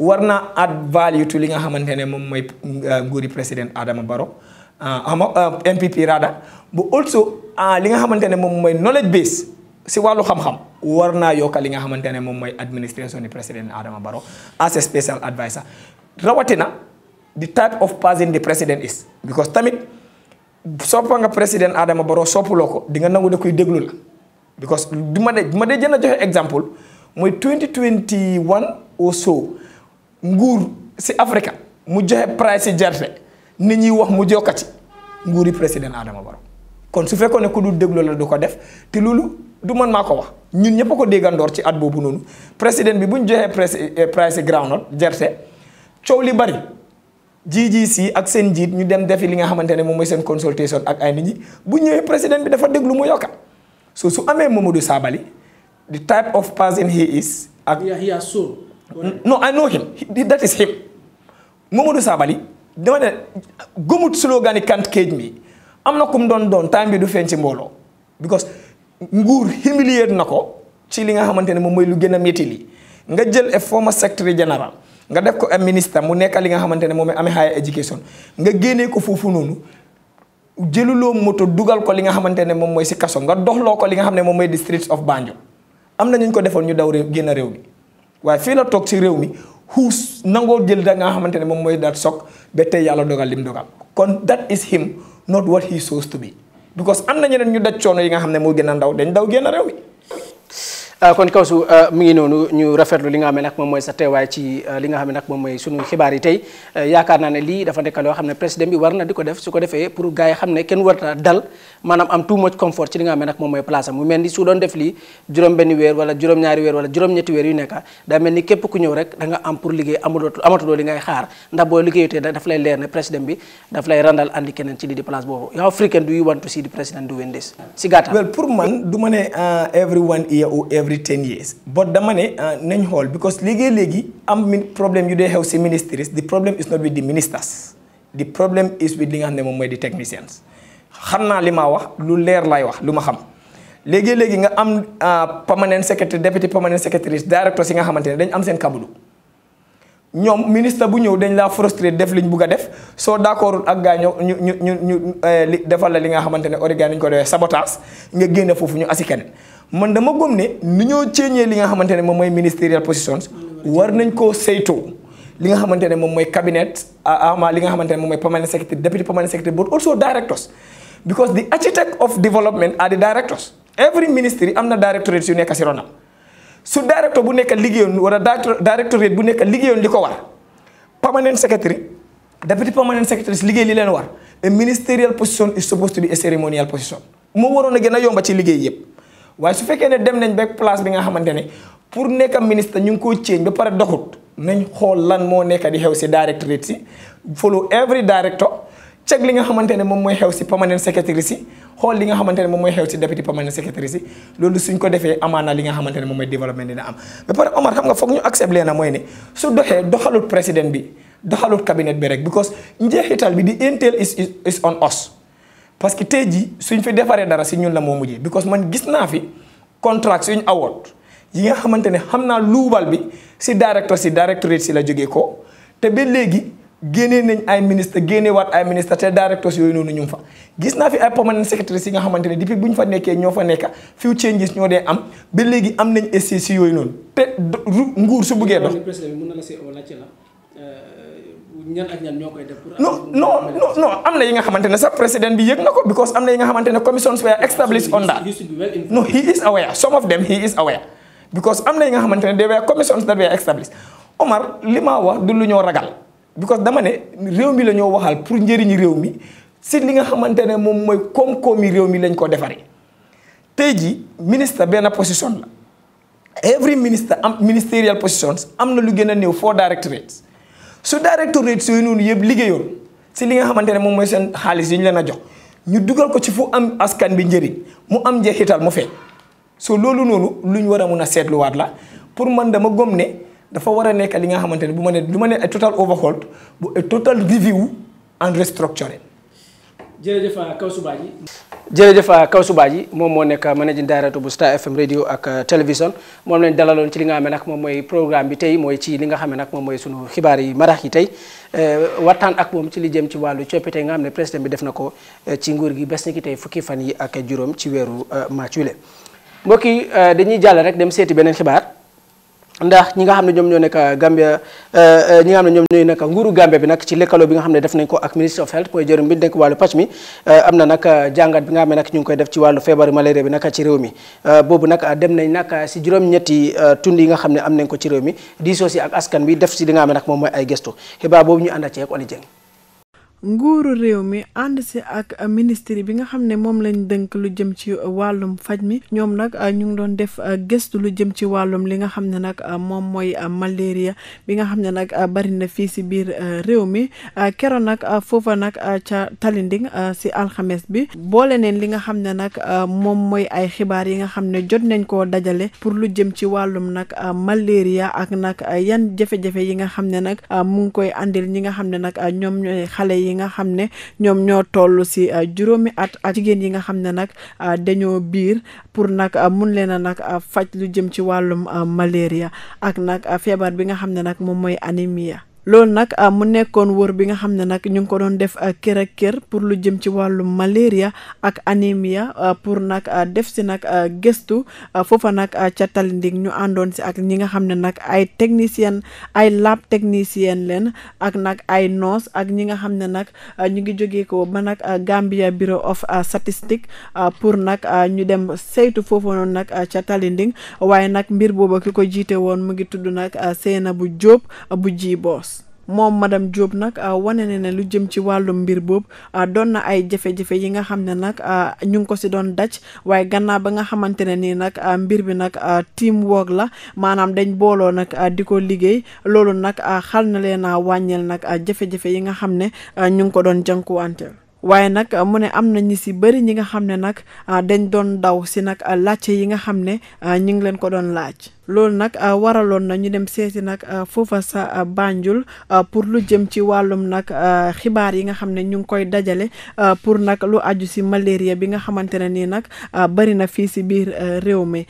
war naa add value to li nga xamante ne moom mooy euh, nguuri président Adama Barrow euh, am euh, MPP rada bu also li nga xamante ne moom mooy knowledge base si wàllu xam-xam war naa yokka li nga xamante ne moom mooy administration du président Adama Barrow as a special adviser rawatina the type of person de president is because tamit soppa nga président Adama Barrow soppuloo ko di nga nangu de kuy déglu la because du ma de du ma de jën a joxe exemple mooy 2021 ou so nguur si Afrique mu joxe price si gerte nit ñi wax mu jokkati nguuri président Adama Barrow kon su fekkoon ne ku dul déglu la du ko def te loolu du man maa ko wax ñun ñëpp ko déggandoor ci at boobu noonu président bi bu ñu joxee eh, price si groundnut gerte coow li bari GGC ak seen njiit ñu dem def defi li nga xamante ne moom mooy seen consultation ak ay nit ñi bu ñëwee président bi dafa déglu mu yokka so su amee Momodou Sabally the type of person he is ak. yaa non I know him that is him Mamadou Sabally dama ne gëmut slogan yi Kant Cage mi am na ku doon doon time bi du feeñ ci mbooloo because nguur humilier na ko ci li nga xamante ne moom mooy lu gën a métti li nga jël a former secretary general nga def ko am ministre mu nekk li nga xamante ne moom amee higher education nga génnee ko foofu noonu jëluloo moto dugal ko li nga xamante ne moom mooy si kaso nga doxloo ko li nga xam ne moom mooy di streets of Banjul na ñu ko defoon ñu daw réew génn réew bi waaye fii la toog ci réew mi xuus nangoo jël da nga xamante ne moom mooy dat soog ba tey yàlla dogal lim dogal kon that is him not what he supposed to be because am na ñeneen ñu daj coono yi nga xam ne moo gën a ndaw dañ daw génn réew mi Euh, kon Kawsu euh, mi ngi noonu ñu rafetlu li nga xam ne nag moom mooy sa teewaay ci euh, li nga xam ne nag moom mooy sunu xibaar yi tey yaakaar naa ne lii dafa nekk loo xam ne président bi war na di ko def su ko defee pour gars yi xam ne kenn warta dal ne nag moom mooy place am every ten years but dama ne ah, nañ xool because léegi léegi am problème yu dee xew si ministries the problem is not with the ministers the problem is with li nga xam ne moom mooy the technicians xam naa li ma wax lu leer laay wax lu ma xam léegi léegi nga am ah, permanent secretary deputy permanent secretary directeur si nga xamante ne dañ am seen kabulu ñoom ministre bu ñëw dañ laa frustré def liñ bugg def soo d'accordul ak gaa ñu ñu ñu ñu eh, defal la li nga xamante ne origan ñu ko defee sabotage nga foofu ñu asi keneen man dama gëm ne ni ñoo ceeñee li nga xamante ne moom mooy ministerial positions war nañ koo saytoo li nga xamante ne moom mooy cabinet ama ah, ah, li nga xamante ne moom mooy permanent secretary deputy permanent secretary but also directors because the am na directorate yu nekk si ronam su directeur bu nekk liggéeyoon wala bu nekk liggéeyoon li ko war permanent secretary deputy permanent secretary liggéey li leen war a ministerial position is supposed to be a ceremonial position moo waroon a gën a yomba ci liggéey yëpp waaye su fekkee ne dem nañ ba place bi nga xamante ne pour nekk ministre ñu ngi koo ceeñ ba pare doxut nañ xool lan moo nekk di xew si directorate si follow every director check li nga xamante ne moom mooy xew si permanent secretary si xool li nga xamante ne moom mooy xew si deputy permanent secretary si loolu suñ ko defee amaana li nga xamante ne moom mooy développement dina am ba pare Omar xam nga foog ñu accept leen mooy ne su doxee doxalut président bi doxalut cabinet bi rek because njeexital bi di intel is parce que tey jii suñ fi defaree dara si ñun la moo mujjee because man gis naa fi contract suñ award yi nga xamante ne xam naa luubal bi si directeur si directorate si la jógee ko te ba léegi génnee nañ ay ministre génnee waat ay ministre te directeurs yooyu noonu ñu fa gis naa fi ay permanent secretary si nga xamante ne depuis bu ñu fa nekkee ñoo fa nekka few changes ñoo dee am ba léegi am nañ essai si yooyu noonu te nguur su buggee dox ñan ak ñan ñoo koy def. non non am na yi nga xamante ne sax président bi yëg na ko because am na yi nga xamante ne commissions were established on that. no he is aware some of them he is aware. because am na yi nga xamante ne they were commissions that were established Omar li ma wax du lu ñoo ragal because dama ne réew mi la ñoo waxal pour njëriñu réew mi si li nga xamante ne moom mooy koom-koomi koom réew mi lañ ko defaree. tey jii ministre benn position la every minister am ministerial positions am na lu gën a néew four directorates su directorate sooyu noonu yëpp liggéeyoon si li nga xamante ne moom mooy seen xaalis yi ñu leen a jox ñu dugal ko ci fu am askan bi njëriñ mu am njeexital mu feeñ so loolu noonu lu ñu war a mun a seetluwaat la pour man dama gom ne dafa war a nekk li nga xamante ne bu ma ne du ma ne a total overhaul bu a total review and restructuring jërëjëf Kawsou Badji jërëjëf euh, Kawsu Badji moom moo nekka euh, managing director bu Star FM radio ak euh, télévision moom lañ dalaloon ci li nga xam ne nag moom mooy programme bi tey mooy ci li nga xam ne nag moom mooy sunu xibaar yi marax yi tey waxtaan ak moom ci li jëm ci wàllu coppite nga xam ne président bi def na ko ci nguur gi bés ni ki tey fukki fan yi ak juróom ci weeru màcc wi mbokk yi dañuy jàll rek dem seeti beneen xibaar. ndax ñi nga xam ne ñoom ñoo nekk Gambia euh, euh, ñi nga xam ne ñoom ñooy nekk nguuru Gambia bi nag ci lëkkaloo bi nga xam ne def nañ ko ak ministre of health mooy jërëm bi denk wàllu pàcc mi euh, na jàngat bi nga xam ne nag ñu ngi koy def ci wàllu feebaru malaria bi nag ci réew mi boobu nag dem nañ nag si juróom-ñetti tund yi nga xam ne am nañ ko ci réew mi diisoo si ak askan bi def si li nga xam ne nag moom mooy ay gëstu xibaar boobu ñu ànd a ceeg Oli nguuru réew mi ànd si ak ministre bi nga xam ne moom lañ dënk lu jëm ci wàllum faj mi ñoom nag ñu ngi doon def gëstu lu jëm ci wàllum li nga xam ne nag moom mooy malaria bi nga xam ne nag bari na fii si biir réew mi keroon nag foofa nag ca Talinding si alxames bi boole li nga xam ne nag moom mooy ay xibaar yi nga xam ne jot nañ ko dajale pour lu jëm ci wàllum nag malaria ak nag yan jafe-jafe yi nga xam ne nag mu ngi koy andil ñi nga xam ne nag ñoom ñooy xale yi yi nga xam ne ñoom ñoo toll si euh, juróomi at ak jigéen yi nga xam ne nag euh, dañoo biir pour nag euh, mun leen a nag faj lu jëm ci wàllum malaria ak nag feebar bi nga xam ne nag moom mooy anémia loolu nag ah, mu nekkoon wër bi nga xam ne nag ñu ngi ko doon def ah, kër ak pour lu jëm ci wàllu malaria ak anémia ah, pour nag def si nag gëstu foofa nag ca Talinding ñu àndoon si ak ñi nga xam ne nag ay technicien ay lab technicien leen ak nag ay nurse ak ñi nga xam ne nag ñu ngi jógee ko ba nag Gambia Bureau of Statistics pour nag ñu dem saytu foofu noonu nag ca Talinding waaye nag mbir booba ki ko jiite woon mu ngi tudd nag seena bu Diop bu ji moom madame jóob nag ah, wane na ne lu jëm ci wàllum mbir boobu ah, doon na ay jafe-jafe yi nga xam ne nag ah, ñu ngi ko si doon daj waaye gannaaw ba nga xamante ne nii nag mbir bi nag team woog la maanaam dañ booloo nag di ko liggéey loolu nag xal na leen a wàññeel nag jafe-jafe yi nga xam ne ñu ngi ko doon jànkuwanteel. waaye nag mu ne am na ñi si bëri ñi nga xam ne nag ah, dañ doon daw si nag ah, laajte yi nga xam ne ah, ñu ngi leen ko doon laaj loolu nag waraloon na ñu dem seeti nag foofa sa Banjul pour lu jëm ci wàllum nag xibaar yi nga xam ne ñu ngi koy dajale pour nag lu aju si malaria bi nga xamante ne nii nag bëri na fii si biir réew mi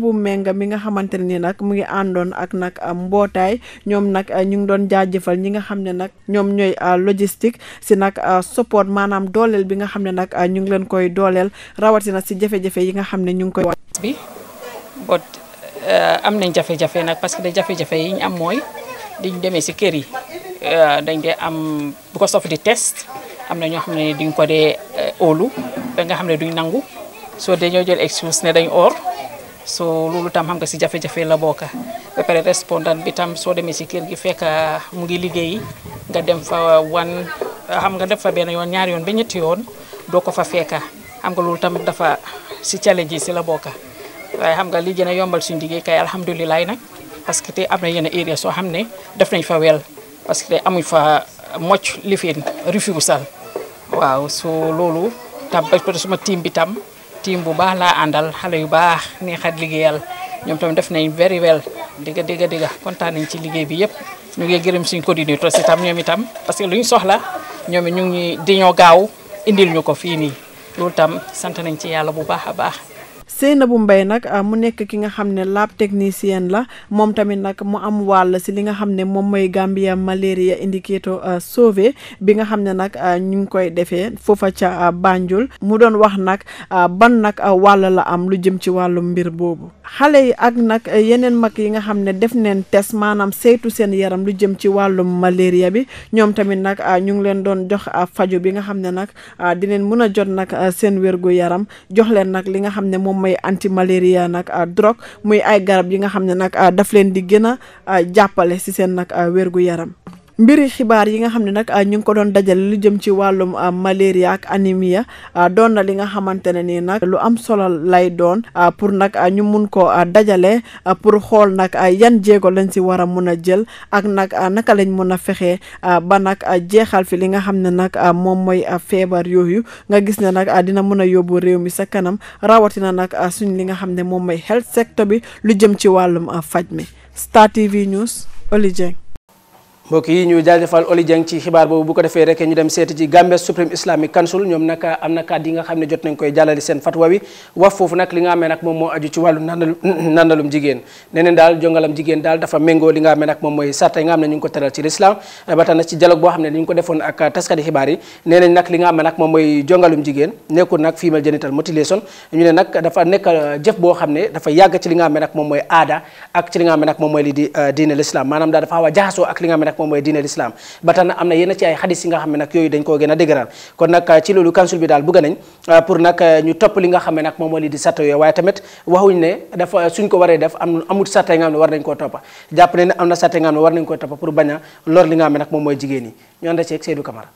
bu Menga mi nga xamante ne nii nag mu ngi àndoon ak nag mbootaay ñoom nag ñu ngi doon jaajëfal ñi nga xam ne nag ñoom ñooy logistique si nag support maanaam dooleel bi nga xam ne nag ah, ñu ngi leen koy dooleel rawatina si jafe-jafe yi nga xam ne ñu ngi koy. bi bot eh, am nañ jafe-jafe nag parce que jafe-jafe yi ñu am mooy diñ demee si kër yi eh, dañ dee am bu ko sof di test am na ñoo xam ne duñ ko dee eh, óolu ba nga xam ne duñ nangu soo dee ñoo jël excuse ne dañ or soo loolu tam xam nga si jafe-jafe la bokka ba pare respondant bi tam soo demee si kër gi fekk ah, mu ngi liggéey nga dem fa wan xam nga def fa benn yoon ñaari yoon ba ñetti yoon doo ko fa fekka xam nga loolu tamit dafa si challenge yi si la bokka waaye xam nga li gën a yombal suñu liggéey kay alhamdulilah nag parce que te am na yenn area soo xam ne def nañ fa wel parce que te amuñ fa mocc lifin refusal waaw su loolu tam suma tiim bi tam tiim bu baax laa àndal xale yu baax neexat liggéeyal ñoom tamit def nañ very well dégga dégga dégga kontaan nañ ci liggéey bi yëpp ñu ngi gërëm suñ coordinateur si tam ñoom itam parce que lu soxla ñoom it ñu di ñoo gaaw indil ñu ko fii nii loolu tam sant nañ ci yàlla bu baax a baax. bu mbay nag ah, mu nekk ki nga xam ne lab technicien la moom tamit nag mu am wàll si li nga xam ne moom mooy Gambia malaria indicator ah, sauvé bi nga xam ne nag ah, ñu ngi koy defee foofa ca Banjul mu doon wax nag ban nag wàll la am lu jëm ci wàllum mbir boobu xale yi ak nag yeneen mag yi nga xam ne def neen test maanaam saytu seen yaram lu jëm ci wàllum malaria bi ñoom tamit nag ñu ngi leen doon jox fajo bi nga xam ne nag dinañ mën a jot nag seen wérgu yaram jox leen nag li nga xam ne moom muy antimalaria nag euh, drogue muy ay garab yi nga xam ne nag euh, daf leen di gën a euh, jàppale si seen nag wérgu yaram mbiri xibaar yi nga xam ne nag ah, ñu ngi ko doon dajale lu jëm ci wàllum ah, malaria ak anémia ah, doon na li nga xamante ne nii nag lu am solo lay doon pour nag ñu mun ko dajale pour xool nag yan jéego lañ si war a mun a jël ak nag naka lañ mën a fexee ba nag jeexal fi li nga xam ne nag moom mooy feebar yooyu nga gis ne nag dina mën a yóbbu réew mi sa kanam rawatina nag suñ li nga xam ne moom mooy health sector bi lu jëm ci wàllum faj mi Star TV News mbokk yi ñu jaajëfal Oli Dieng ci xibaar boobu bu ko defee rek ñu dem seeti ci Gambia Supreme Islamic Council ñoom nag am na kàddu xam ne jot nandalum jigéen neneen nag female genital mutilation ñu ne nag dafa nekk jëf boo xam ne dafa yàgg ci li nga moom mooy aada ak ci li nga moom mooy li euh, l'islam maanaam daal dafa xaw a jaxasoo ak li nga moom mooy diine l'islam ba tax na am na yenn ci ay xadis yi nga xam nag yooyu dañ koo gën a dëgëral kon nag ci loolu council bi daal bëgg nañ euh, pour nag euh, ñu topp li nga xam nag moom moo li di satta yooyu waaye tamit waxuñ ne dafa suñ ko waree def am amul satta nga xam ne war nañ koo toppa jàpp ne ne am na satta nga xam ne war nañ koo toppa pour bañ a lor li nga xam ne nag moom mooy jigéen yi ñu ànd ci ak Seydou Camara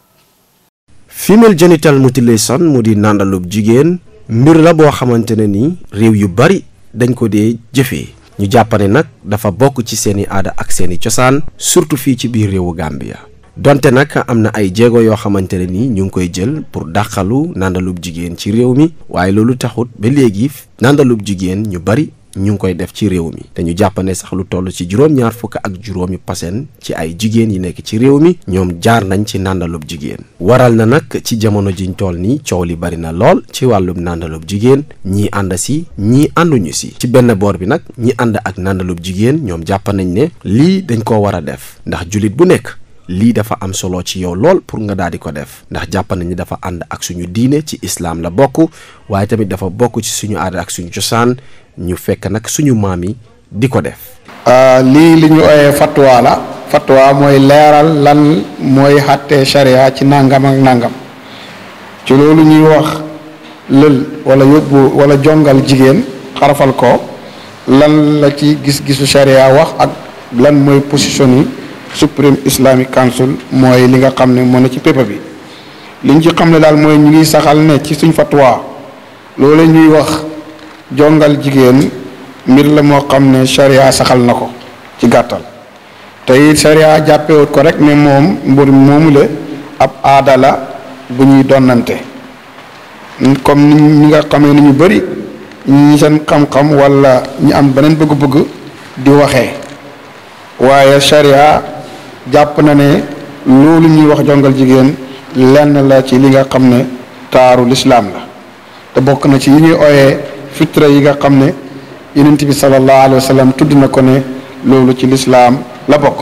ñu jàpp nag dafa bokk ci seeni aada ak seeni cosaan surtout fii ci biir réewu Gambia donte nag am na ay jéego yoo xamante ne ni ñu ngi koy jël pour dàqalu nandalub jigéen ci réew mi waaye loolu taxut ba léegi nandalub jigéen ñu bari ñu ngi koy def ci réew mi dañu ñu jàpp ne sax lu toll ci juróom-ñaar fukk ak juróomi pasen ci ay jigéen yi nekk ci réew mi ñoom jaar nañ ci nàndalub jigéen waral na nag ci jamono jiñ toll ni coow li bari na lool ci wàllum nàndalub jigéen ñii ànd si ñii ànduñu si ci benn boor bi nag ñi ànd ak nàndalub jigéen ñoom jàpp nañ ne lii dañ ko war a def ndax jullit bu nekk lii dafa am solo ci yow lool pour nga daal di ko def ndax jàpp nañu dafa ànd ak suñu diine ci islaam la bokk waaye tamit dafa bokk ci suñu aada ak suñu cosaan ñu fekk nag suñu maam yi di ko def. Euh, lii li ñu ooyee fatwa la fatwa mooy leeral lan mooy xàttee sharia ci nangam ak nangam ci loolu ñuy wax lël wala yóbbu wala jongal jigéen xarafal ko lan la ci gis-gisu sharia wax ak lan mooy position Supreme Islamic Council mooy li nga xam ne moo ne ci pépa bi liñ ci xam ne daal mooy ñu ngi saxal ne ci suñ fatwa loolu ñuy wax jongal jigéen mbir la moo xam ne sharia saxal na ko ci gàttal te it sharia jàppewut ko rek ne moom mbir moomu ab aadala la bu ñuy donnante comme ni ñi nga xam ni ñu bari ñi seen xam-xam wala ñi am beneen bëgg-bëgg di waxee waaye sharia jàpp na ne loolu ñuy wax jongal jigéen lenn la ci li nga xam ne taaru lislaam la te bokk na ci yi ñuy ooyee fitra yi nga xam ne yonent bi sallallahu alayhi wa tudd na ko ne loolu ci lislaam la bokk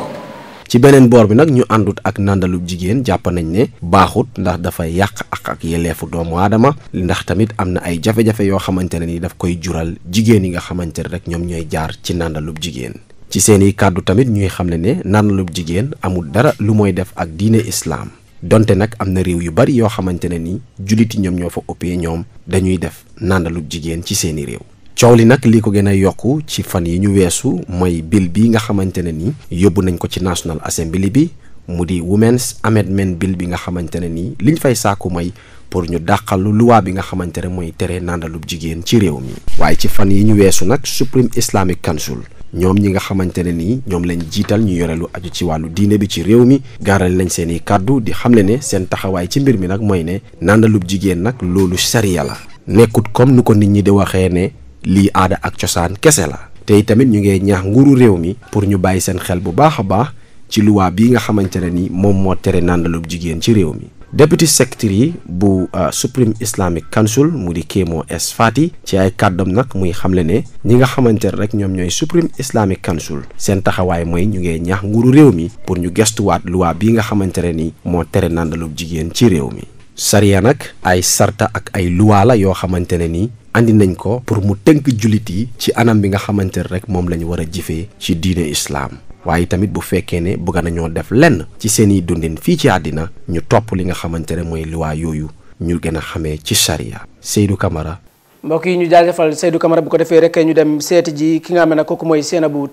ci beneen boor bi nag ñu àndut ak nàndalub jigéen jàpp nañ ne baaxut ndax dafay yàq ak ak yelleefu doomu aadama ndax tamit am na ay jafe-jafe yoo xamante ne ni daf koy jural jigéen yi nga xamante ne rek ñoom ñooy jaar ci nàndalub jigéen ci seeni kàddu tamit ñuy xam ne ne naan jigéen amul dara lu mooy def ak diine islam donte nag am na réew yu bari yoo xamante ne ni julliti ñoom ñoo fa ëppee ñoom dañuy def nàndalu jigéen ci seeni réew coow li nag li ko gën a yokku ci fan yi ñu weesu mooy bill bi nga xamante ne ni yóbbu nañ ko ci National Assembly bi mu di Women's Amendment Bill bi nga xamante ne nii liñ fay sàkku may pour ñu dàqalu luwaa bi nga xamante ne mooy tere nàndalub jigéen ci réew mi waaye ci fan yi ñu weesu nag Supreme Islamic Council ñoom ñi nga xamante ne nii ñoom lañ jiital ñu yore lu aju ci wàllu diine bi ci réew mi gaaral nañ seen i kàddu di xamle ne seen taxawaay ci mbir mi nag mooy ne nàndalub jigéen nag loolu sariya la nekkut comme nu ko nit ñi di waxee ne lii aada ak cosaan kese la tey tamit ñu ngi ñaax nguru réew mi pour ñu bàyyi seen xel bu baax a baax ci luwaa bii nga xamante ne ni moom moo tere nàndalub jigéen ci réew mi député yi bu euh, Supreme Islamic Council mu di Kémo S Fati ci ay kàddoom nag muy xamle ne ñi nga xamante ne rek ñoom ñooy Supreme Islamic Council seen taxawaay mooy ñu ngi ñax nguuru réew mi pour ñu gestuwaat luwaa bi nga xamante ne ni moo tere nàndalub jigéen ci réew mi. sariya nag ay sarta ak ay luwaa la yoo xamante ne ni. indi nañ ko pour mu tënk jullit yi ci anam bi nga xamante rek moom lañ war a jëfee ci diine islaam waaye tamit bu fekkee ne bëgg nañoo def lenn ci seen seeni dundin fii ci àddina ñu topp li nga xamante ne mooy luwaa yooyu ñu gën a xamee ci charia Seydou Camara mbokk yi ñu jaajëfal Seydou Camara bu ko defee rek ñu dem seeti ji ki nga xam ne nag kooku mooy Seynabou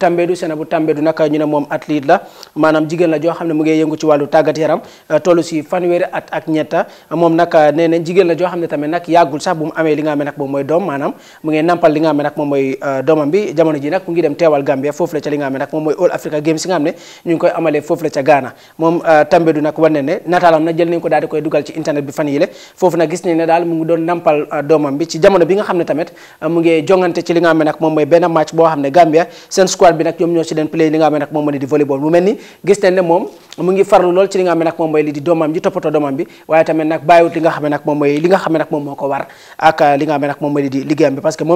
moom athlète la maanaam jigéen la joo xam ne mu ngi yëngu euh, euh, mooy doom maanaam mu ngi nampal li nga xam moom mooy euh, doomam bi jamono ji nag mu ngi dem teewal Gambia foofu la ca li nga xam moom mooy All Africa Games si ne ñu ngi koy amalee foofu foofu nag gis nañ mu ngi doon nampal doomam bi ci jamono bi nga xam ne tamit euh, mu ngi jongante ci li nga xam ne nag moom mooy benn match boo xam ne Gambia seen squad bi nag ñoom ñoo ci den play li nga xam ne nag moom moo di volleyball mu ne moom mu ngi farlu lool ci li nga xam ne nag moom mooy li di doomam ji toppatoo doomam bi waaye li nga xam ne nag moom mooy li nga xam ne moo ko war ak euh, li nga xam ne nag moom mooy moom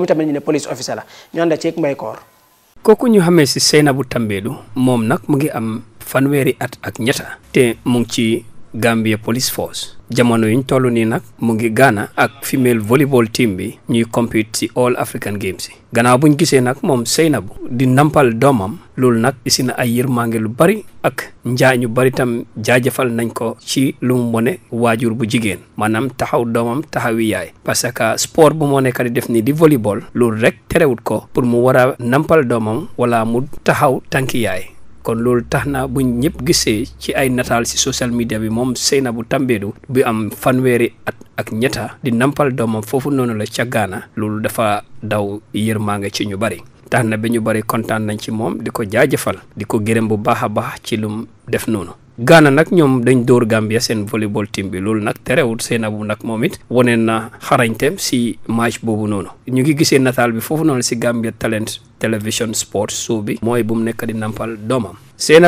moom nag mu ngi am fanweeri at ak ñetta te mu ci Gambia Police Force jamono yuñ toll nii nag mu ngi gaana ak female volleyball team bi ñuy compete ci All African Games yi gannaaw buñ gisee nag moom seyna Seynabou di nampal doomam loolu nag isi na ay yërmaange lu bari ak njaa ñu bari tam jaajëfal nañ ko ci lu mu wone waajur bu jigéen maanaam taxaw doomam taxawi yaay parce que sport bu moo nekk di def nii di volleyball loolu rek terewut ko pour mu war a nampal doomam wala mu taxaw tànki yaay kon loolu tax na bu ñëpp gisee ci ay nataal si social media bi moom Sainabou Tambadou bi am fanweeri at ak ñetta di nampal doomam foofu noonu la ca loolu dafa daw yërmaange ci ñu bari tax na bi ñu bëri kontaan nañ ci moom di ko jaajëfal di ko gërëm bu baax a baax ci lum def noonu gaana nag ñoom dañ dóor Gambia seen volleyball team bi loolu nag terewul Sainabou nag moom it waneen na xarañteem si match boobu noonu ñu ngi gisee nataal bi foofu noonu si Gambia Talent Television Sport show bi mooy bu mu nekk di nampal doomam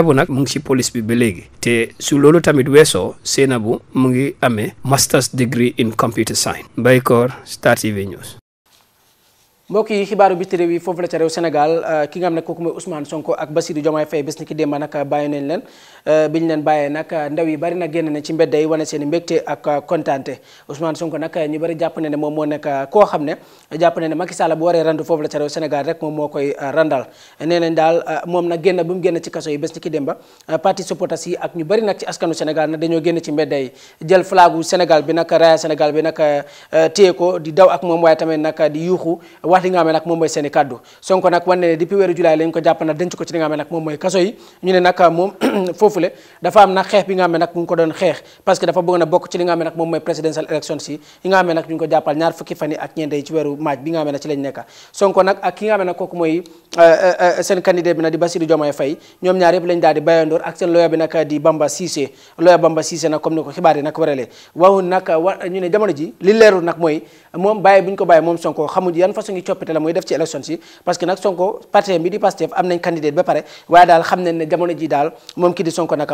bu nag mu ngi si police bi ba léegi te su loolu tamit weesoo bu mu ngi amee master's degree in computer science Mbaykor Star TV mbokk yi xibaaru bi réew yi foofu la ca réew Sénégal euh, ki nga xam ne kooku mooy Ousmane Sonko ak Bassirou Diomaye Faye bés ni ki démb nag euh, bàyyi nañ leen euh, bi ñu leen bàyyee nag ndaw yi bari na génn na ci mbedd yi seen i ak kontaante Ousmane Sonko nag ñu bari jàpp ne ne moom moo nekk koo xam ne jàpp ne ne Macky Sall bu waree randu foofu la ca réew Sénégal rek moom moo koy randal nee nañ daal moom na génn bu mu génn ci kaso yi bés ni ki démb parti supporters yi ak ñu bari nag ci askanu Sénégal nag dañoo génn ci mbedd yi jël flagu Sénégal bi nag raaya Sénégal bi nag téye ko di daw ak moom waaye tamit nag di yuuxu wax li nga nag moom mooy seen kàddu Sonko nag wane depuis weeru julaay lañ ko jàpp nag xeex bi nga nag a bokk ci li nga xam ne nag moom mooy présidential election si yi nga xam ne nag bi nga nag ci lañ nekk Sonko nag ak ki nga nag kooku mooy euh, euh, euh, seen candidat bi nag di Bassirou Diomaye Faye ñoom ñaar yëpp lañ daal di bayandoor ak seen lawyer bi nag di Bamba Cissé lawyer Bamba Cissé nag comme ni ko xibaar yi nag waralee waxu nag wa ñu ne jamono ji li leerul nag mooy moom bàyyi bu ñu ko bàyyi moom Sonko xamuñ yan façon ngi coppite muy def ci élection si parce que nag Sonko parti bi di Pastef am nañ candidat ba pare waaye daal xam nañ ne jamono ji daal moom kii di Sonko euh, euh,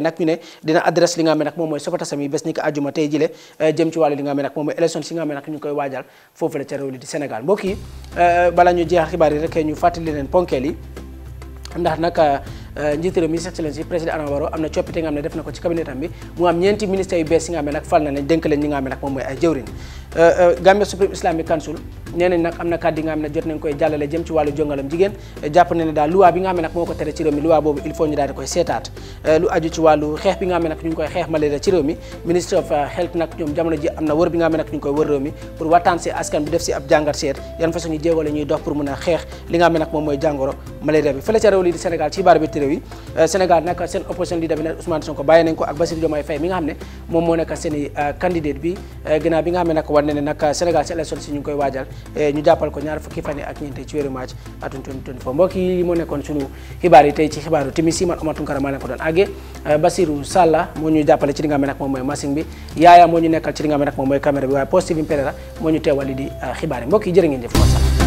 nag ñu ne dina adresse li nga xam moom mooy sokotasam yi bés ni ko ajuma tey jile euh, jëm ci wàllu li nga xam moom mooy élection si nga xam ne nag ñu koy waajal foofu la ca réew li di Sénégal mbokk yi bala ñu jeexal xibaar yi Euh, njiitu réew mi His Excellency si président Adama Barrow am euh, euh, seetaat lu aju ci wàllu xeex bi nga xam ñu koy xeex malaria ci réew mi ministre of health nag ñoom jamono ji am na wër bi nga xam ñu koy wër réew mi pour waxtaan si askan bi def si ab jàngat seet yan façon ñu jéego la dox pour mun a xeex li nga xam moom mooy jàngoro malaria bi fële ca réew di Sénégal ci baar bi réew yi euh, Sénégal nag seen opposition leader bi nag Ousmane Sonko ko ak Bassirou nga xam ne moom moo nekk seen euh, candidate bi euh, ginnaaw bi nga xam ne nag war ne nag Sénégal si élection si ñu koy waajal ñu jàppal ko ñaar fukki fan yi li moo nekkoon ci xibaaru timis yi man Omar Tunkara maa leen moo ñu jàppale ci li nga xam moom mooy machine bi yaaya moo ñu nekkal ci li nga xam moom mooy caméra bi waaye Poste TV moo ñu teewal li di xibaar